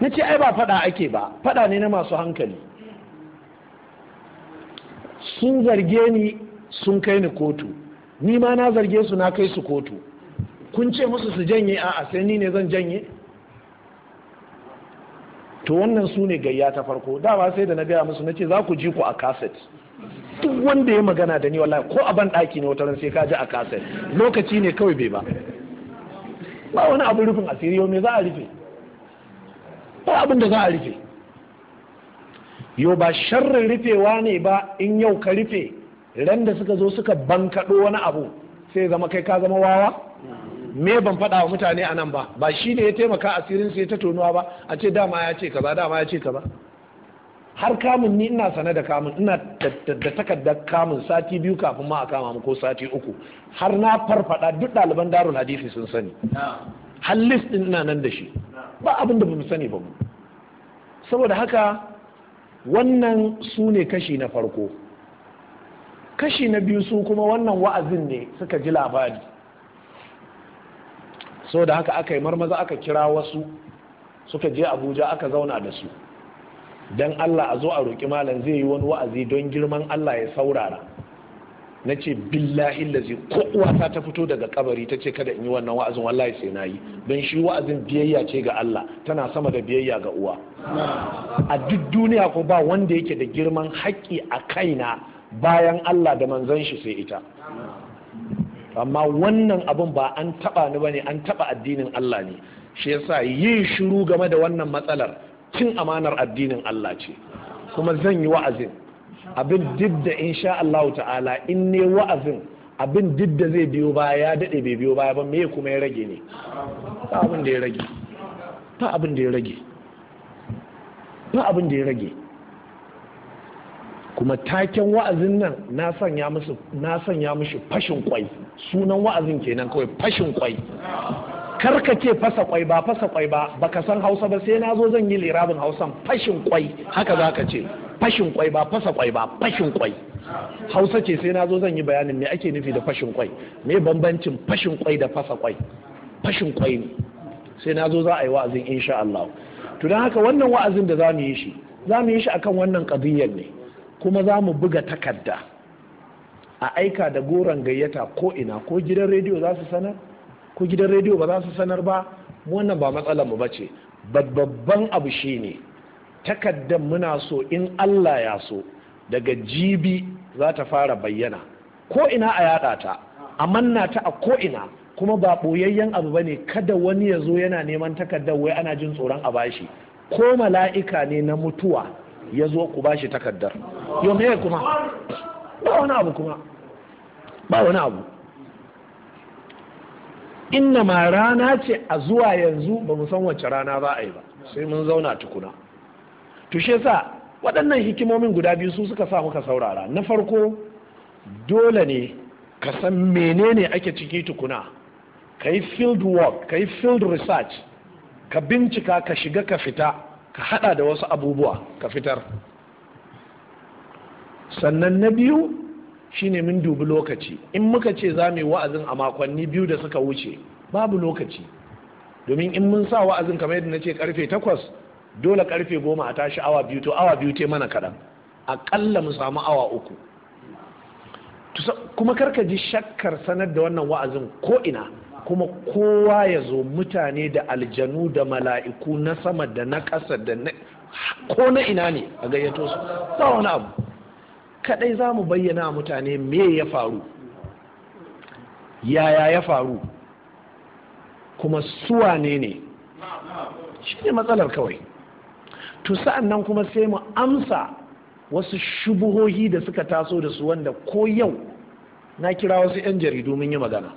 na ce ai ba fada ake ba fada ne na masu hankali sun zarge ni sun kai ni kotu ni ma na zarge su na kai su kotu kun ce musu su janye a'a sai ni ne zan janye to wannan su ne gayya ta farko dama sai da na gaya musu na ce za ku ji ku a kaset duk wanda ya magana da ni wallahi ko a ban ɗaki ne wataran sai ka ji a kaset lokaci ne kawai bai ba ba wani abin rufin asiri yau me za a rufe ba abin da za a rufe yau ba sharrin rufewa ne ba in yau ka rufe randa suka zo suka bankaɗo wani abu sai zama kai ka zama wawa me ban faɗa wa mutane a nan ba ba shi ne ya taimaka asirin su ya ta tonuwa ba a ce dama ya ce kaza dama ya ce kaza har kamun ni ina sane da kamun ina da takardar kamun sati biyu kafin ma a kama mu ko sati uku har na farfada duk ɗaliban darul hadisi sun sani har list din ina nan da shi ba abin da mu sani ba mu saboda haka wannan su ne kashi na farko kashi na biyu su kuma wannan wa'azin ne suka ji labari so da haka aka yi marmaza aka kira wasu suka je abuja aka zauna da su don allah a zo a roƙi malam zai yi wani wa'azi don girman allah ya saurara na ce billahi lazi ko wasa ta fito daga kabari ta ce kada in yi wannan wa'azin wallahi sai na yi don shi wa'azin biyayya ce ga Allah tana sama da biyayya ga uwa a duk duniya ko ba wanda yake da girman haƙƙi a kaina bayan Allah da manzon shi sai ita amma wannan abin ba an taba ni bane an taba addinin Allah ne shi yasa yin shiru game da wannan matsalar cin amanar addinin Allah ce kuma zan yi wa'azin abin didda insha Allah ta'ala in ne wa'azin abin didda zai biyo baya ya dade bai biyo baya ba me kuma ya rage ne ta abin da ya rage ta abin da ya rage ta abin da ya rage kuma taken wa'azin nan na sanya musu mushi fashin kwai sunan wa'azin kenan kawai fashin kwai karka ce fasa kwai ba fasa kwai ba baka san hausa ba sai na zo zan yi lirabin hausan fashin kwai haka za ka ce fashin kwai ba fasa kwai ba fashin kwai hausa ce sai na zo zan yi bayanin me ake nufi da fashin kwai me bambancin fashin kwai da fasa kwai fashin kwai ne sai na zo za a yi wa'azin insha Allah to don haka wannan wa'azin da za mu yi shi za mu yi shi akan wannan kadiyyar ne kuma za mu buga takarda a aika da goron gayyata ko ina ko gidan rediyo za su sanar ko gidan rediyo ba za su sanar ba wannan ba matsalar mu bace babban abu ne. takaddan muna so in Allah ya so daga jibi za ta fara bayyana ko ina a yada ta a manna ta a ko ina kuma ba ɓoyayyen abu bane kada wani ya zo yana neman takardar wai ana jin tsoron a bashi ko mala'ika ne na mutuwa ya zo ku ba shi takardar yau me kuma ba wani abu kuma ba wani abu inna ma rana ce a zuwa yanzu ba mu san wacce rana ba a yi ba sai mun zauna tukuna tushe sa waɗannan hikimomin guda biyu su suka sa muka saurara na farko dole ne ka san menene ake ciki tukuna ka yi field work ka yi field research ka bincika ka shiga ka fita ka hada da wasu abubuwa ka fitar sannan na biyu shine mun dubi lokaci in muka ce za mu yi wa'azin a makonni biyu da suka wuce babu lokaci domin in mun sa wa'azin kamar yadda na ce karfe takwas dole karfe goma a tashi awa biyu to awa biyu te mana kaɗan aƙalla mu samu awa uku kuma karka ji shakkar sanar da wannan wa'azin ko ina kuma kowa ya zo mutane da aljanu da mala'iku na sama da na ƙasa da na ko na ina ne a gayyato su ba wani abu kadai za mu bayyana mutane me ya faru yaya ya faru kuma suwa ne ne shi ne matsalar kawai to sa'an nan kuma sai mu amsa wasu shubuhohi da suka taso da su wanda ko yau na kira wasu 'yan jaridu mun yi magana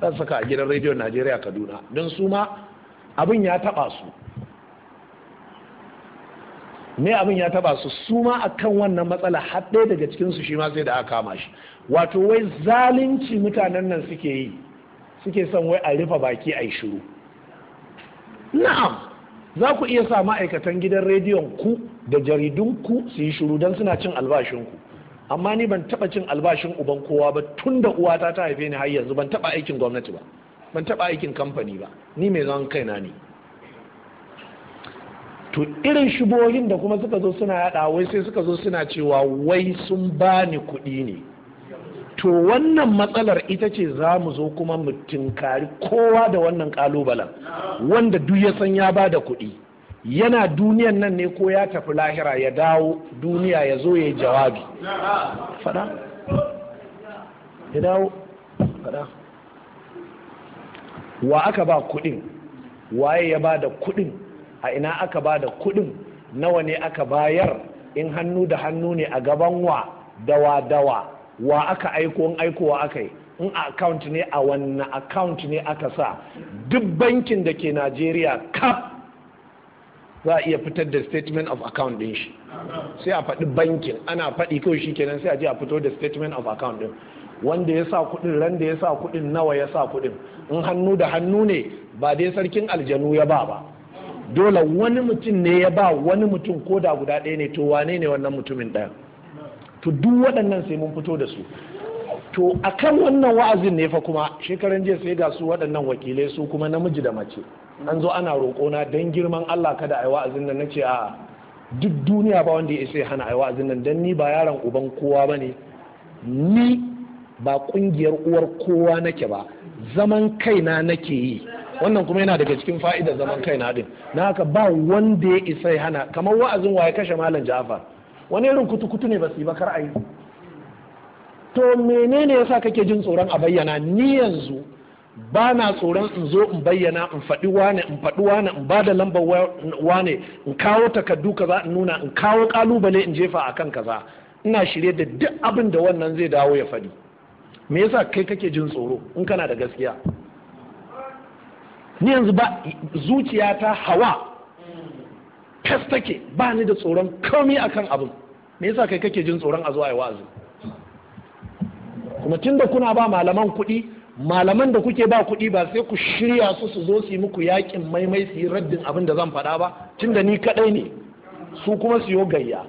zan saka a gidan rediyon najeriya kaduna don su ma abin ya taba su ne abin ya taba su su ma akan wannan matsala har daga cikinsu shi ma sai da aka kama shi wato wai zalunci mutanen nan suke yi suke son wai a rufe baki a yi shiru na'am za ku iya sa ma'aikatan gidan rediyon ku da jaridun ku su yi shiru don suna cin albashinku amma ni ban taba cin albashin uban kowa ba tun da uwata ta haife ni har yanzu ban taba aikin gwamnati ba ban taba aikin kamfani ba ni mai kai kaina ne to irin shubohin da kuma suka zo suna yada wai sai suka zo suna cewa wai sun bani kuɗi ne to wannan matsalar ita ce za mu zo kuma mu tinkari kowa da wannan kalubalen wanda duk ya san ya ba da kuɗi yana duniyan nan ne ko ya tafi lahira ya dawo duniya ya zo ya yi jawabi fada ya dawo fada wa aka ba kudin waye ya ba da kudin a ina aka ba da kudin nawa ne aka bayar in hannu da hannu ne a gaban wa dawa dawa wa aka aiko in aikowa aka yi in account ne a wannan account ne aka sa duk bankin da ke najeriya kap. za a iya fitar da statement of account din shi sai a faɗi bankin ana faɗi kawai shi kenan sai a je a fito da statement of account din wanda ya sa kuɗin ran da ya sa kuɗin nawa ya sa kuɗin in hannu da hannu ne ba dai sarkin aljanu ya ba ba dole wani mutum ne ya ba wani mutum ko da guda ɗaya ne to wane ne wannan mutumin ɗaya to duk waɗannan sai mun fito da su to akan wannan wa'azin ne fa kuma shekaran jiya sai ga su waɗannan wakilai su kuma namiji da mace an zo ana na don girman Allah kada a yi wa'azin nan nace a duk duniya ba wanda ya isa hana a yi wa'azin nan don ni ba yaron uban kowa ba ne ni ba ƙungiyar uwar kowa nake ba zaman kaina nake yi wannan kuma yana daga cikin fa'ida zaman kaina din na haka ba wanda ya isa ya hana kamar wa'azin waye kashe malam ja'far wani irin kutukutu kutu ne ba su yi ba a yi to menene yasa kake jin tsoron a bayyana ni yanzu ba na tsoron in zo in bayyana in faɗi wane in faɗi wane in ba da lambar wane in kawo takardu kaza in nuna in kawo kalubale in jefa a kan kaza ina shirye da duk abin da wannan zai dawo ya faɗi me yasa kai kake jin tsoro in kana da gaskiya ni yanzu ba ta hawa fes take ba ni da tsoron komi akan abin me yasa kai kake jin tsoron a zuwa wa'azi kuma tunda kuna ba malaman kuɗi malaman da kuke ba kuɗi ba sai ku shirya su su zo su yi muku yakin maimai su yi raddin abin da zan faɗa ba da ni kaɗai ne su kuma su yo gayya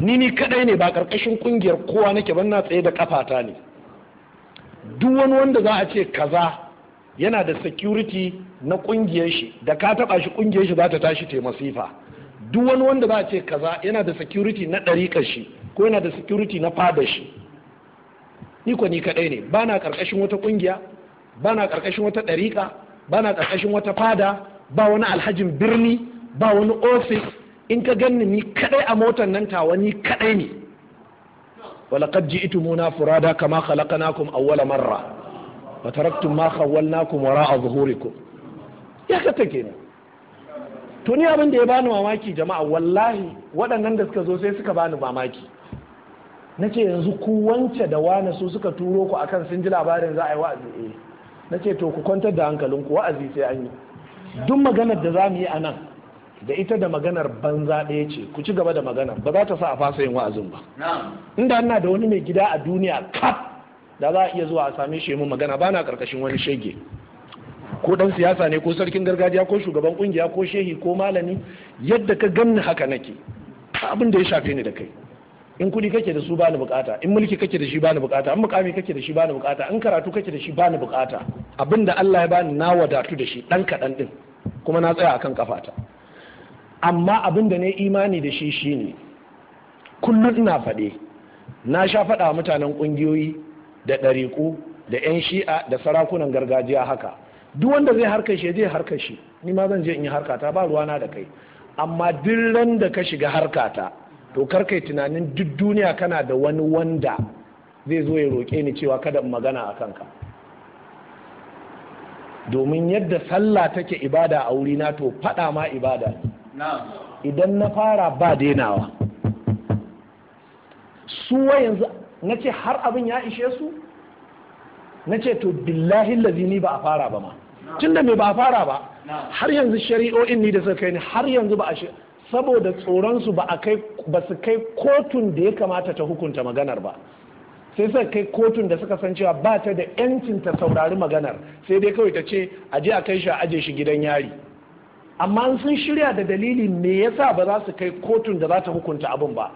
ni ni kaɗai ne ba ƙarƙashin ƙungiyar kowa nake ban na tsaye da ƙafata ne duk wani wanda za a ce kaza yana da security na ƙungiyar shi da ka taɓa shi ƙungiyar shi za ta tashi taimasifa duk wani wanda za a ce kaza yana da security na ɗariƙar shi ko yana da security na fada shi ni ko ni kadai ne bana karkashin wata kungiya bana karkashin wata dariƙa bana karkashin wata fada ba wani alhajin birni ba wani ofis in ka ganni ni kadai a motar nan tawa ni kadai ne walaqad ji'tumuna furada kama khalaqnakum awwala marra wa taraktum ma khawwalnakum wara'a zuhurikum ya ka take ne to ni abin da ya bani mamaki jama'a wallahi waɗannan da suka zo sai suka bani mamaki na ce yanzu ku wance da wane su suka turo ku akan sun ji labarin za a yi wa'azi eh na ce to ku kwantar da hankalinku wa'azi sai an yi duk maganar da za mu yi a nan da ita da maganar banza ɗaya ce ku ci gaba da magana ba za ta sa a fasa yin wa'azin ba inda ana da wani mai gida a duniya kaf da za a iya zuwa a same shi mu magana bana na karkashin wani shege ko dan siyasa ne ko sarkin gargajiya ko shugaban kungiya ko shehi ko malami yadda ka ganni haka nake abin da ya shafe ni da kai in kuɗi kake da su ba ni bukata in mulki kake da shi ba ni bukata in mukami kake da shi ba ni bukata in karatu kake da shi ba ni bukata abinda Allah ya bani na wadatu da shi dan kaɗan din kuma na tsaya akan kafata amma abinda ne imani da shi shine kullum ina faɗi. na sha faɗawa mutanen ƙungiyoyi da ɗariƙu da 'yan shi'a da sarakunan gargajiya haka duk wanda zai harkar shi zai harkar shi ni ma zan je in yi harkata ba ruwana da kai amma duk da ka shiga harkata to karkai tunanin duk duniya kana da wani wanda zai zo ya roƙe ni cewa kada in magana a kanka domin yadda sallah take ibada a wuri na to faɗa ma ibada idan na fara ba denawa su wa yanzu na ce har abin ya ishe su na ce to billahi lazini ba a fara ba ma tun da me ba a fara ba har yanzu shari'o'in ni da suka kai ni har yanzu ba a saboda tsoronsu ba su kai kotun da ya kamata ta hukunta maganar ba sai suka kai kotun da suka san cewa ba ta da yancin ta saurari maganar sai dai kawai ta ce a je a kai shi a aje shi gidan yari amma sun shirya da dalili me yasa ba za su kai kotun da za ta hukunta abin ba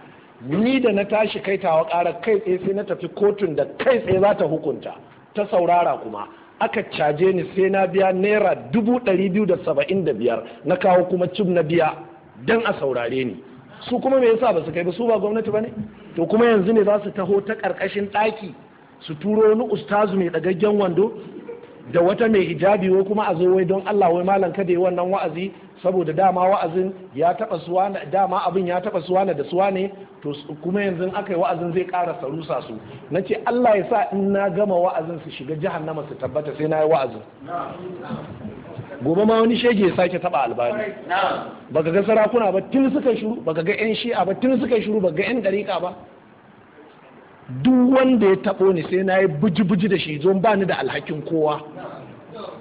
ni da na tashi kai tawa ƙara kai tsaye sai na tafi kotun da kai tsaye za ta hukunta ta saurara kuma aka caje ni sai na biya naira dubu ɗari biyu da saba'in da biyar na kawo kuma cib na biya don a saurare ni su kuma me yasa ba su kai ba su ba gwamnati ba ne to kuma yanzu ne za su taho ta karkashin ɗaki su turo wani ustazu mai ɗagaggen wando da wata mai hijabi wai kuma a zo wai don Allah wai malam kada yi wannan wa'azi saboda dama wa'azin ya taba suwa dama abin ya taba suwa da suwa ne to kuma yanzu aka yi wa'azin zai ƙara sarusa su na ce Allah ya sa in na gama wa'azin su shiga jahannama su tabbata sai na yi wa'azin gobe ma wani shege ya sake taba albani baka ga sarakuna ba tun suka shiru baka ga yan shi'a ba tun suka shiru baka ga yan dariƙa ba duk wanda ya tabo ni sai na yi buji-buji da shi zon ba ni da alhakin kowa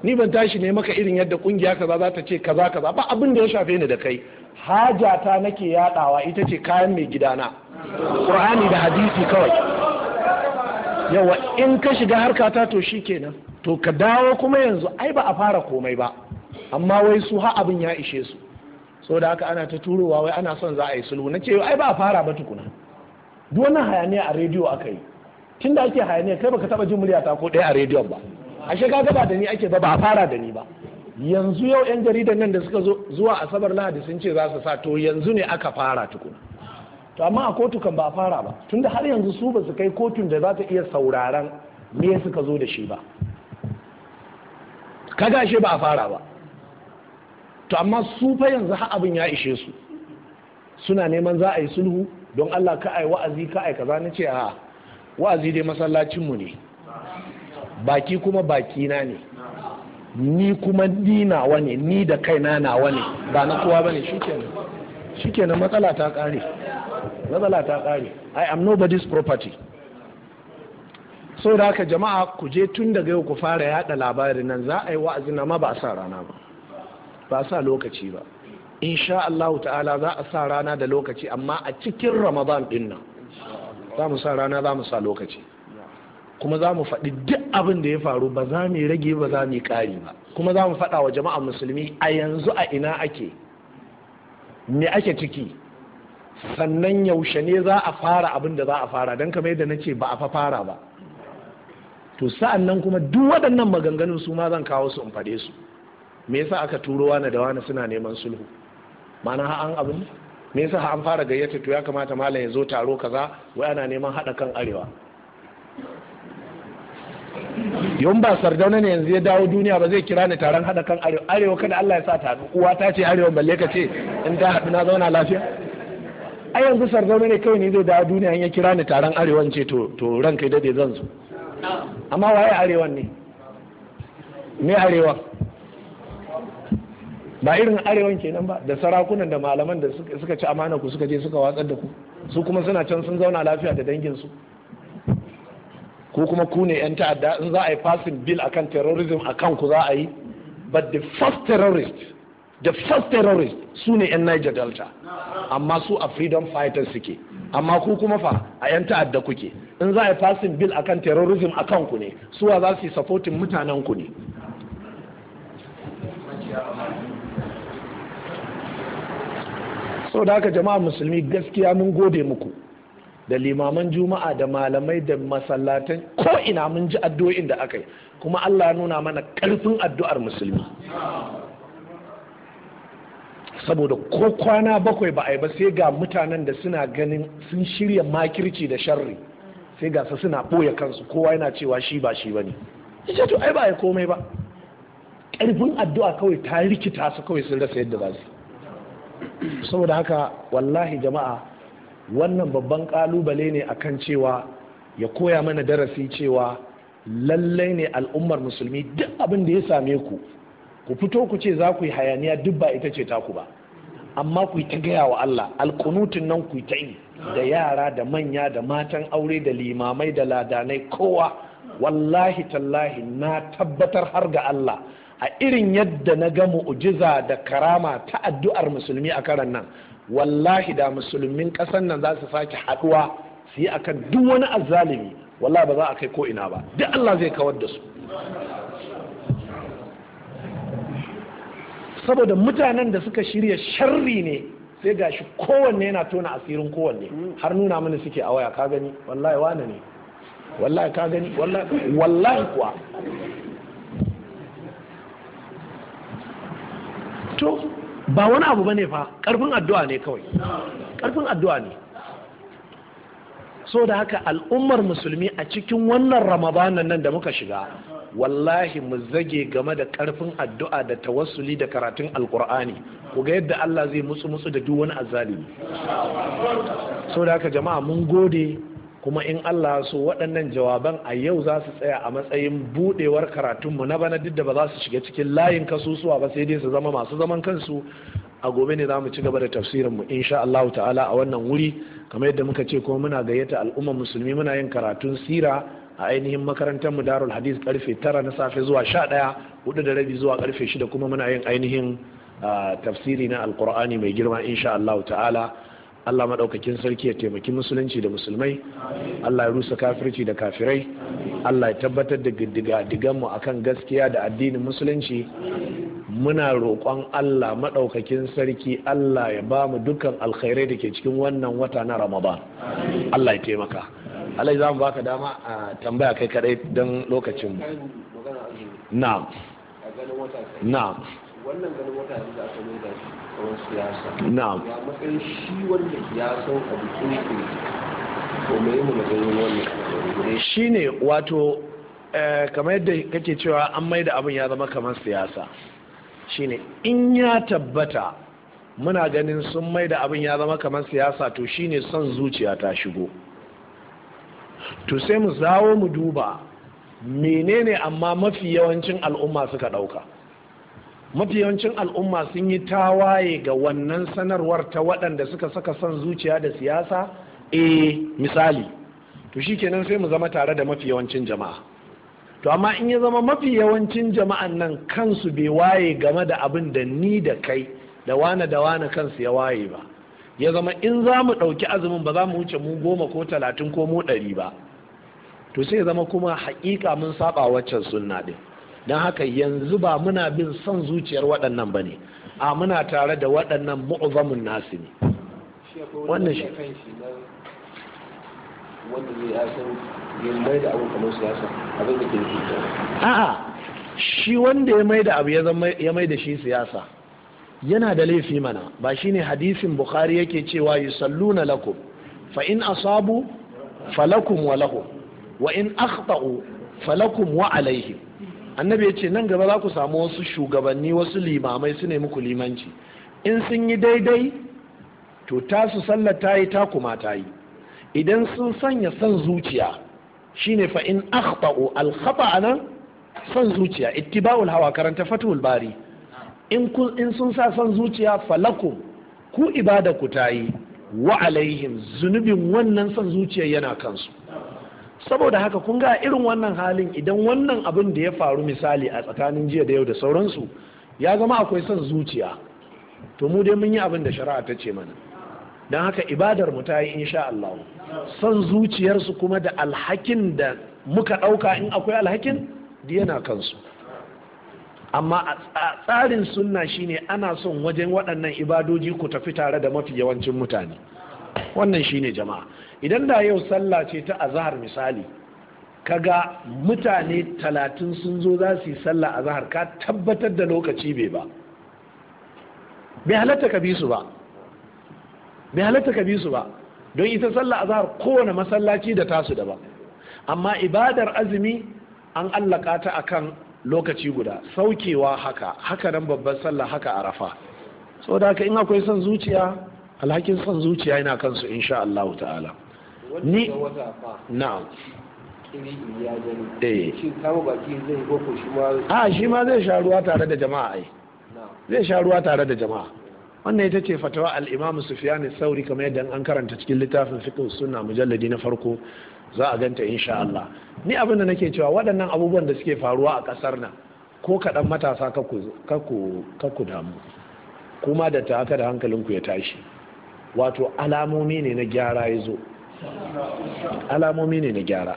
ni ban tashi ne maka irin yadda kungiya kaza za ta ce kaza kaza ba abin da ya shafe ni da kai hajata nake yaɗawa ita ce kayan mai gidana qur'ani da hadisi kawai yawa in ka shiga harkata to shikenan to ka dawo kuma yanzu ai ba a fara komai ba amma wai su ha abin ya ishe su so da haka ana ta turowa wai ana son za a yi sulhu na ce ai ba fara ba tukuna duk wannan hayaniya a rediyo aka yi tun ake hayaniya kai baka taba jin murya ta ko ɗaya a rediyon ba ashe ka ba da ni ake ba ba fara da ni ba yanzu yau yan jaridan nan da suka zuwa asabar lahadi sun ce za su sa to yanzu ne aka fara tukuna to amma a kotu kan ba a fara ba tunda har yanzu su ba su kai kotun da za ta iya sauraron me suka zo da shi ba kaga ashe ba a fara ba to amma su fa yanzu har abin ya ishe su suna neman za a yi sulhu don Allah ka ai wa'azi ka ai kaza ne ce a wa'azi dai masallacin mu ne baki kuma baki na ne ni kuma ni nawa ne ni da kaina nawa ne ba na kowa bane shikenan shikenan matsala ta kare matsala ta kare i am nobody's property so da haka jama'a ku je tun daga yau ku fara yada labarin nan za a yi wa'azi na ma ba a sa rana ba ba sa lokaci ba insha Allah ta'ala za a sa rana da lokaci amma a cikin ramadan din nan za mu sa rana za mu sa lokaci kuma za mu faɗi duk abin da ya faru ba za mu rage ba za mu ƙari ba kuma za mu faɗa wa jama'a musulmi a yanzu a ina ake me ake ciki sannan yaushe ne za a fara abin da za a fara don kamar yadda na ce ba a fa fara ba to sa'an nan kuma duk waɗannan maganganun su ma zan kawo su in faɗe su me yasa aka turo wani da wani suna neman sulhu ma'ana ha an abin me yasa an fara gayyata to ya kamata malam ya zo taro kaza wai ana neman hada kan arewa yon ba sardauna ne yanzu ya dawo duniya ba zai kira ni taron hada kan arewa arewa kada Allah ya sa ta uwa ta ce arewa balle ka ce in ta haɗu na zauna lafiya ai yanzu sardauna ne kawai ne zai dawo duniya in ya kira ni taron arewa ce to to ranka dade zan zo amma waye arewan ne me arewan ba irin arewan kenan ba da sarakunan da malaman da suka ci amana ku suka je suka watsar da ku su kuma suna can sun zauna lafiya da dangin su ko kuma ku ne yan ta'adda in za a yi passing bill akan terrorism akan ku za a yi but the first terrorist the first terrorist su ne yan Niger Delta amma su a freedom fighters suke amma ku kuma fa a yan ta'adda kuke in za a yi passing bill akan terrorism akan ku ne suwa za su yi supporting mutanen ku ne sau da haka jama'a musulmi gaskiya mun gode muku da limaman juma'a da malamai da masallatan ko ina mun ji addu'o'in da aka yi kuma Allah nuna mana karfin addu'ar musulmi saboda ko kwana bakwai ba a yi ba sai ga mutanen da suna ganin sun shirya makirci da sharri sai ga su suna ɓoye kansu kowa yana cewa shi ba shi ba ne ai ba ya komai ba ƙarfin addu'a kawai ta rikita su kawai sun rasa yadda za su saboda haka wallahi jama'a wannan babban kalubale ne akan cewa ya koya mana darasi cewa lallai ne al'ummar musulmi duk abin da ya same ku ku fito ku ce za ku yi hayaniya duk ba ita ce taku ba amma ku yi ta gaya wa Allah alkunutun nan ku yi ta yi da yara da manya da matan aure da limamai da ladanai kowa wallahi tallahi na tabbatar har ga Allah a irin yadda na ga mu'ujiza da karama ta addu'ar musulmi a karan nan wallahi da musulmin ƙasar nan za su sake haɗuwa su yi akan duk wani azzalimi wallahi ba za a kai koina ba duk Allah zai kawar da su saboda mutanen da suka shirya sharri ne sai gashi kowanne yana tona asirin kowanne har nuna mana suke a waya ka gani wallahi wane ne wallahi ka gani wallahi kuwa to ba wani abu bane fa karfin addu'a ne kawai karfin addu'a ne so da haka al'ummar musulmi a cikin wannan ramadanan nan da muka shiga wallahi mu zage game da ƙarfin addu'a da tawassuli da karatun Alƙur'ani. ku ga yadda Allah zai musu musu da duk wani azzalimi so da haka jama'a mun gode kuma in Allah so waɗannan jawaban a yau za su tsaya a matsayin buɗewar karatunmu na bana duk da ba za su shiga cikin layin kasusuwa ba sai dai su zama masu zaman kansu a gobe ne za mu ci gaba da tafsirinmu insha Allah ta'ala a wannan wuri kamar yadda muka ce kuma muna gayyata al'ummar musulmi muna yin karatun sira a ainihin makarantar mu darul hadis karfe tara na safe zuwa sha ɗaya hudu da rabi zuwa karfe shida kuma muna yin ainihin ah, tafsiri na alkur'ani mai girma insha Allah ta'ala Allah maɗaukakin sarki ya taimaki musulunci da musulmai Allah ya rusa kafirci da kafirai Allah ya tabbatar da diga-diganmu akan gaskiya da addinin musulunci muna roƙon Allah maɗaukakin sarki Allah ya ba mu dukkan alkhairai da ke cikin wannan wata na Ramadan Allah ya taimaka Allah za mu baka dama a tambaya kai kadai don lokacin mu na'am na'am wannan ganin wata da aka shi ne wato eh, kamar yadda kake cewa an maida abin ya zama kamar siyasa shi ne in ya tabbata muna ganin sun maida abin ya zama kamar siyasa to shi ne son zuciya ta shigo to sai mu zawo mu duba menene amma mafi yawancin al'umma suka ɗauka mafi yawancin al'umma sun yi tawaye ga wannan sanarwar ta waɗanda suka saka son zuciya da siyasa eh misali to shikenan sai mu zama tare da mafi yawancin jama'a to amma in ya zama mafi yawancin jama'an nan kansu bai waye game da abin da ni da kai da wane da wane kansu ya waye ba ya zama in za mu ɗauki azumin ba za mu wuce mu goma ko talatin ko mu ɗari ba to sai ya zama kuma haƙiƙa mun saɓa waccan sunna din don haka yanzu ba muna bin son zuciyar waɗannan ba ne a muna tare da waɗannan mu'uzamin nasu ne wannan shi a'a shi wanda ya mai da abu ya mai da shi siyasa yana da laifi mana ba shi ne hadisin bukhari yake cewa salluna lakum fa in asabu falakum wa lahum wa in akhta'u falakum wa alaihim annabi ya ce nan gaba za ku samu wasu shugabanni wasu limamai su ne muku limanci in sun yi daidai to tasu sallar ta yi ta kuma ta yi idan sun sanya son zuciya shine fa in akhta'u al khata'a nan son zuciya ittiba'ul hawa karanta fatul bari in sun sa son zuciya falakum ku ibada ku ta yi wa zunubin wannan son zuciya yana kansu saboda haka kun ga irin wannan halin idan wannan abin da ya faru misali a tsakanin jiya da yau da sauransu ya zama akwai son zuciya to mu dai mun yi abin da shari'a ta ce mana don haka ibadar mu ta yi insha Allah son zuciyarsu kuma da alhakin da muka ɗauka in akwai alhakin da yana kansu amma a tsarin sunna shine ana son wajen waɗannan ibadoji ku tafi tare da mafi yawancin mutane wannan shine jama'a idan da yau sallah ce ta azahar misali kaga mutane talatin sun zo za su yi sallah azahar ka tabbatar da lokaci bai ba bai halatta ka bi su ba bai halatta ka bi su ba don ita sallah azahar kowane masallaci da tasu da ba. amma ibadar azumi an allaka ta a kan lokaci guda saukewa haka haka nan babban sallah haka arafa saboda haka in akwai son zuciya alhakin son zuciya yana kansu insha Allah ta'ala ni na'am eh a ah, shi ma zai sha ruwa tare da jama'a ai zai sha ruwa tare da jama'a wannan ita ce fatawa al-imam sufyan sauri kamar yadda an karanta cikin littafin fiqh sunna mujalladi na farko za a ganta insha Allah ni abin da nake cewa waɗannan abubuwan da suke faruwa a ƙasar nan ko kaɗan matasa kaku damu kuma da ta haka da hankalinku ya tashi wato alamomi ne na gyara ya zo alamomi ne na gyara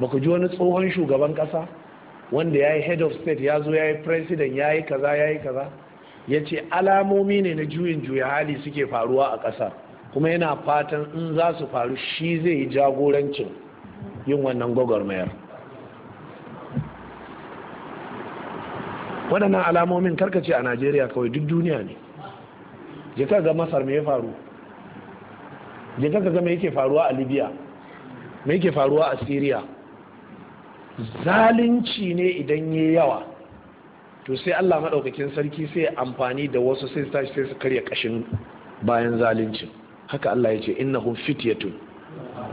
ba ku ji wani tsohon shugaban kasa wanda ya yi head of state ya zo ya yi president ya yi kaza ya yi kaza ya ce alamomi ne na juyin juya hali suke faruwa a ƙasa kuma yana fatan in za su faru shi zai yi jagorancin yin wannan gwagwarmayar waɗannan alamomin karkace a najeriya kawai duk duniya ne jikar ga masar me ya faru je ka ga me yake faruwa a libya me yake faruwa a syria zalunci ne idan ya yawa to sai allah maɗaukakin sarki sai amfani da wasu sai su tashi sai su karya ƙashin bayan zalunci haka allah ya ce innahum fityatun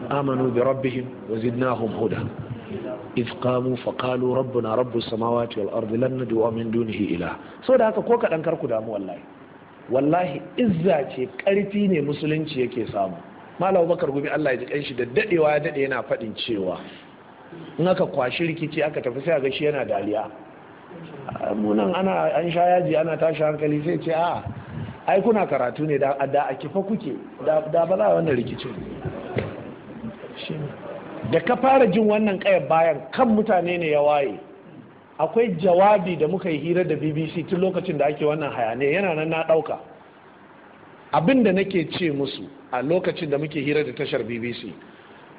amanu bi rabbihim wa zidnahum huda إذ قاموا فقالوا ربنا رب السماوات والأرض لن ندعو من دونه إله سو da haka ko kaɗan karku damu wallahi wallahi izza ce ƙarfi ne musulunci yake samu malam bakar gumi allah ya ji kanshi da dadewa ya dade yana faɗin cewa in aka kwashi rikici aka tafi sai a ga shi yana dariya. munan ana an sha yaji ana tashi hankali sai ce a ah, ai kuna karatu ne da a kifa kuke da ba za wannan rikicin da ka fara jin wannan kayan bayan kan mutane ne ya waye akwai jawabi da muka yi hira da bbc tun lokacin da ake wannan hayaniya yana nan na ɗauka abin da nake ce musu a lokacin da muke hira da tashar bbc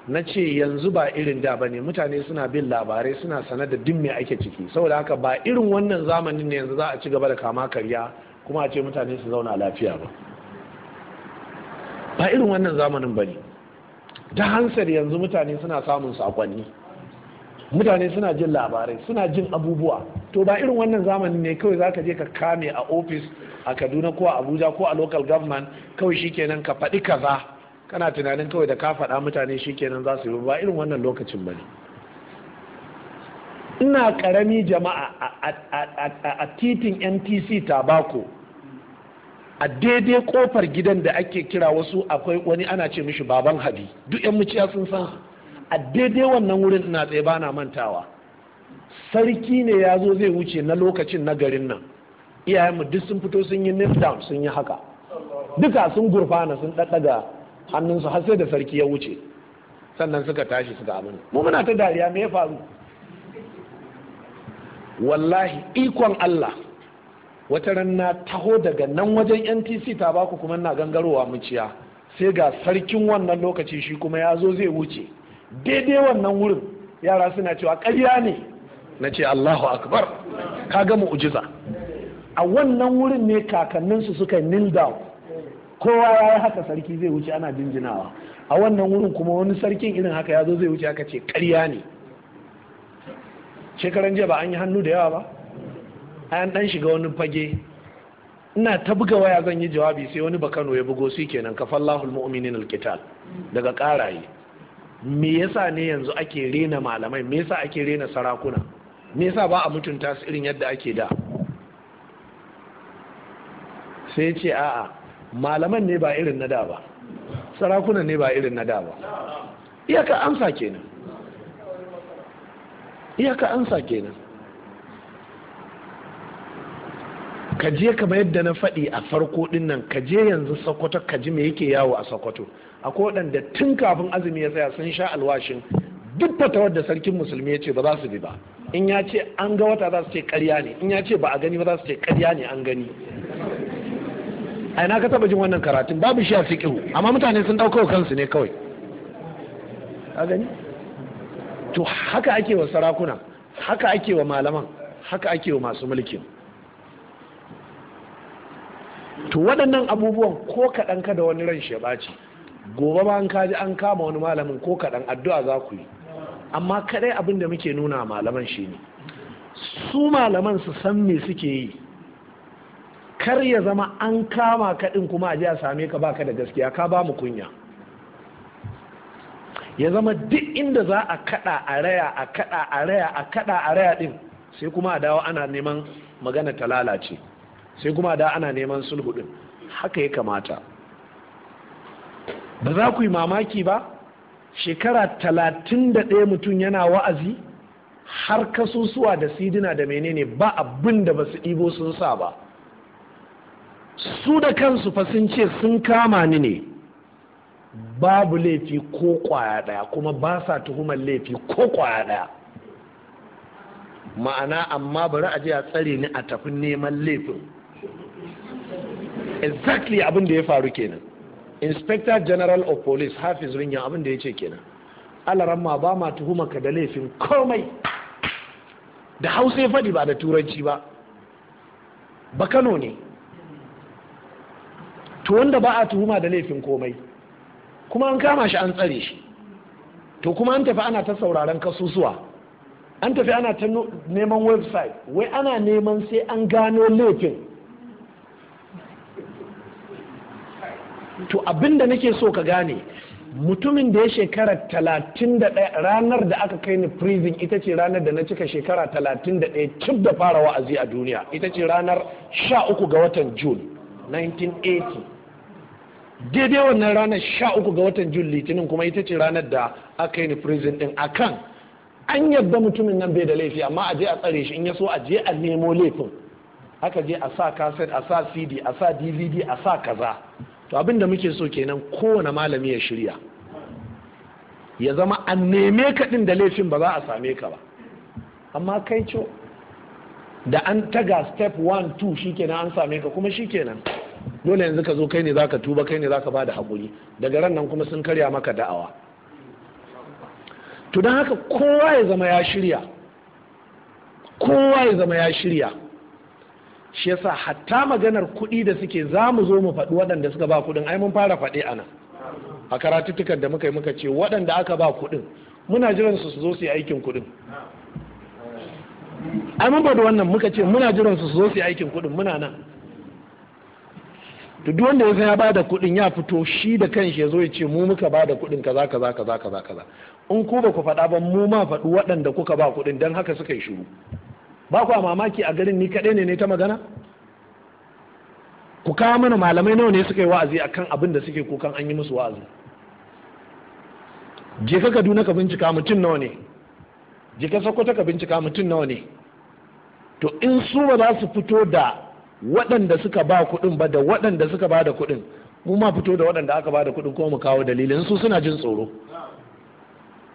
na ce yanzu ba irin da bane mutane suna bin labarai suna sane da din mai ake ciki saboda haka ba irin wannan zamanin ne yanzu za a ci gaba da kama karya kuma a ce mutane su zauna lafiya ba ba irin wannan zamanin bane ta hansar yanzu mutane suna samun sakonni mutane suna jin labarai suna jin abubuwa to ba irin wannan zamanin ne kawai za ka je ka kame a ofis a kaduna ko a abuja ko a local government kawai shikenan ka faɗi kaza kana tunanin kawai da ka faɗa mutane shikenan za su yi ba irin wannan lokacin ba ne ina karami jama'a a titin mtc tabako a daidai kofar gidan da ake kira wasu akwai wani ana ce mishi baban habi duk 'yan muciya sun san a daidai wannan wurin ina tsaye ba na mantawa sarki ne ya zo zai wuce na lokacin na garin nan iyayen mu duk sun fito sun yi nip down sun yi haka duka sun gurfana sun daddaga hannunsu har sai da sarki ya wuce sannan suka tashi suka abin mu muna ta dariya me ya faru wallahi ikon Allah wata ranna taho daga nan wajen NTC ta baku kuma na gangarowa muciya sai ga sarkin wannan lokaci shi kuma ya zo zai wuce daidai wannan wurin yara suna cewa ƙarya ne na ce Allahu akbar ka gama mu'jiza a wannan wurin ne kakanninsu suka kneel down kowa ya yi haka sarki zai wuce ana jinjinawa a wannan wurin kuma wani sarkin irin haka ya zo zai wuce aka ce karya ne shekaran jiya ba an yi hannu da yawa ba an dan shiga wani fage ina ta buga waya zan yi jawabi sai wani Kano ya bugo su kenan kafallahul mu'minin alqital daga karaye me yasa ne yanzu ake rena malamai me yasa ake rena sarakuna me yasa ba a mutunta su irin yadda ake da sai ce a'a malaman ne ba irin na da ba sarakunan ne ba irin na da ba iyaka amsa kenan iyaka amsa kenan ka je yadda na faɗi a farko ɗin nan ka je yanzu sokoto ka ji me yake yawo a sokoto akwai waɗanda tun kafin azumi ya tsaya sun sha alwashin duk fata wadda sarkin musulmi ya ce ba za su bi ba in ya ce an ga wata za su ce karya ne in ya ce ba a gani ba za su ce karya ne an gani a ina ka taba jin wannan karatun babu shi a fiƙihu amma mutane sun ɗauka kansu ne kawai a gani to haka ake wa sarakuna haka ake wa malaman haka ake wa masu mulkin to waɗannan abubuwan ko kaɗan ka da wani ran shi ya ɓaci gobe ba an kaji an kama wani malamin ko kaɗan addu'a za ku yi amma kaɗai abin da muke nuna malaman shi ne su malaman su san me suke yi kar ya zama an kama kaɗin kuma a je a same ka baka da gaskiya ka ba mu kunya ya zama duk inda za a kaɗa a raya a kaɗa a raya a kaɗa a raya ɗin sai kuma a dawo ana neman magana ta lalace sai kuma da ana neman sulhu ɗin, haka ya kamata ba za ku yi mamaki ba shekara talatin da ɗaya mutum yana wa'azi har kasusuwa da sidina da menene ba abin da ba su ɗibo sun sa ba su da kansu fa sun ce sun kama ni ne babu laifi ko kwaya daya kuma ba sa tuhumar laifi ko kwaya daya ma'ana amma bari a je a tsare ni a tafi neman laifin exactly abin da ya faru kenan inspector general of police hafiz rinyan abin da ya ce kenan alaramma ba ma tuhuma ka da laifin komai da hausa ya faɗi ba da turanci ba ba kano ne to wanda ba a tuhuma da laifin komai kuma an kama shi an tsare shi to kuma an tafi ana ta sauraron kasusuwa an tafi ana ta neman website wai ana neman sai an gano laifin to abinda nake so ka gane mutumin da ya shekara talatin da ranar da aka kai ni prison ita ce ranar da na cika shekara talatin da ɗaya cib da fara wa'azi a duniya ita ce ranar sha uku ga watan june 1980 daidai wannan ranar sha uku ga watan jun litinin kuma ita ce ranar da aka yi ni prison din kan an yadda mutumin nan bai da laifi amma a je a tsare shi in ya so a je a nemo laifin haka je a sa kaset a sa cd a sa dvd a sa kaza to abin da muke so kenan kowane malami ya shirya ya zama an neme ka din da laifin ba za a same ka ba amma kai co da an taga step 1 2 shikenan an same ka kuma shikenan dole yanzu ka zo kai ne zaka tuba kai ne zaka bada hakuri daga ran nan kuma sun karya maka da'awa to don haka kowa ya zama ya shirya kowa ya zama ya shirya shi yasa hatta maganar kuɗi da suke za mu zo mu faɗi waɗanda suka ba kuɗin ai mun fara faɗe ana a karatuttukan da muka yi muka ce waɗanda aka ba kuɗin muna jiran su su zo su yi aikin kuɗin ai mun faɗi wannan muka ce muna jiran su su zo su yi aikin kuɗin muna nan to duk wanda ya san ya bada kuɗin ya fito shi da kanshi ya zo ya ce mu muka bada kuɗin kaza kaza kaza kaza kaza in ku ba ku faɗa ba mu ma faɗi waɗanda kuka ba kuɗin dan haka suka yi shiru ba ku mamaki a garin ni kaɗai ne ne ta magana ku kawo mana malamai nawa ne suka yi wa'azi akan abin da suke kukan an yi musu wa'azi je ka kaduna ka bincika mutum nawa ne je ka sokoto ka bincika mutum nawa ne to in su ba za su fito da waɗanda suka ba kuɗin ba da waɗanda suka ba da kuɗin mu ma fito da waɗanda aka ba da kuɗin kuma mu kawo dalilin su suna jin tsoro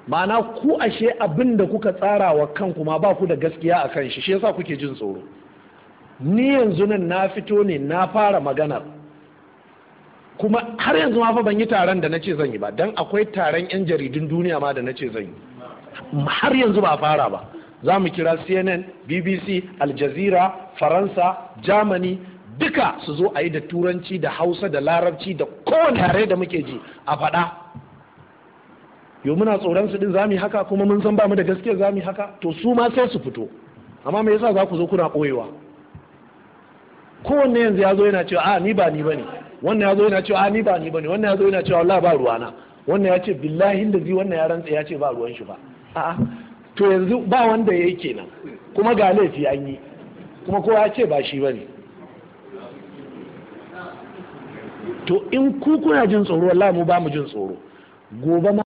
ma'ana ku ashe abin da kuka tsara wa kanku ma ba ku da gaskiya a kan shi shi yasa kuke jin tsoro ni yanzu nan na fito ne na fara maganar kuma har yanzu ma fa ban yi taron da nace zan yi ba dan akwai taron yan jaridun duniya ma da nace zan yi har yanzu ba fara ba za mu kira cnn bbc al jazeera faransa germany duka su zo a yi da turanci da hausa da larabci da kowane yare da muke ji a faɗa yau muna tsoron su din zami haka kuma mun san ba mu da gaskiyar zami haka to su ma sai su fito amma me yasa za ku zo kuna ɓoyewa kowanne yanzu ya zo yana cewa a ah, ni ba ni bane wannan ya zo yana cewa a ah, ni ba ni bane wannan ya zo yana cewa wallahi ba ruwana wannan ya ce billahi da zai wannan ya rantsa ya ce ba ruwan shi ba a'a to yanzu ba wanda ya yi kenan kuma ga laifi an yi kuma kowa ya ce ba shi ba ne to in ku kuna jin tsoro wallahi mu ba mu jin tsoro gobe ma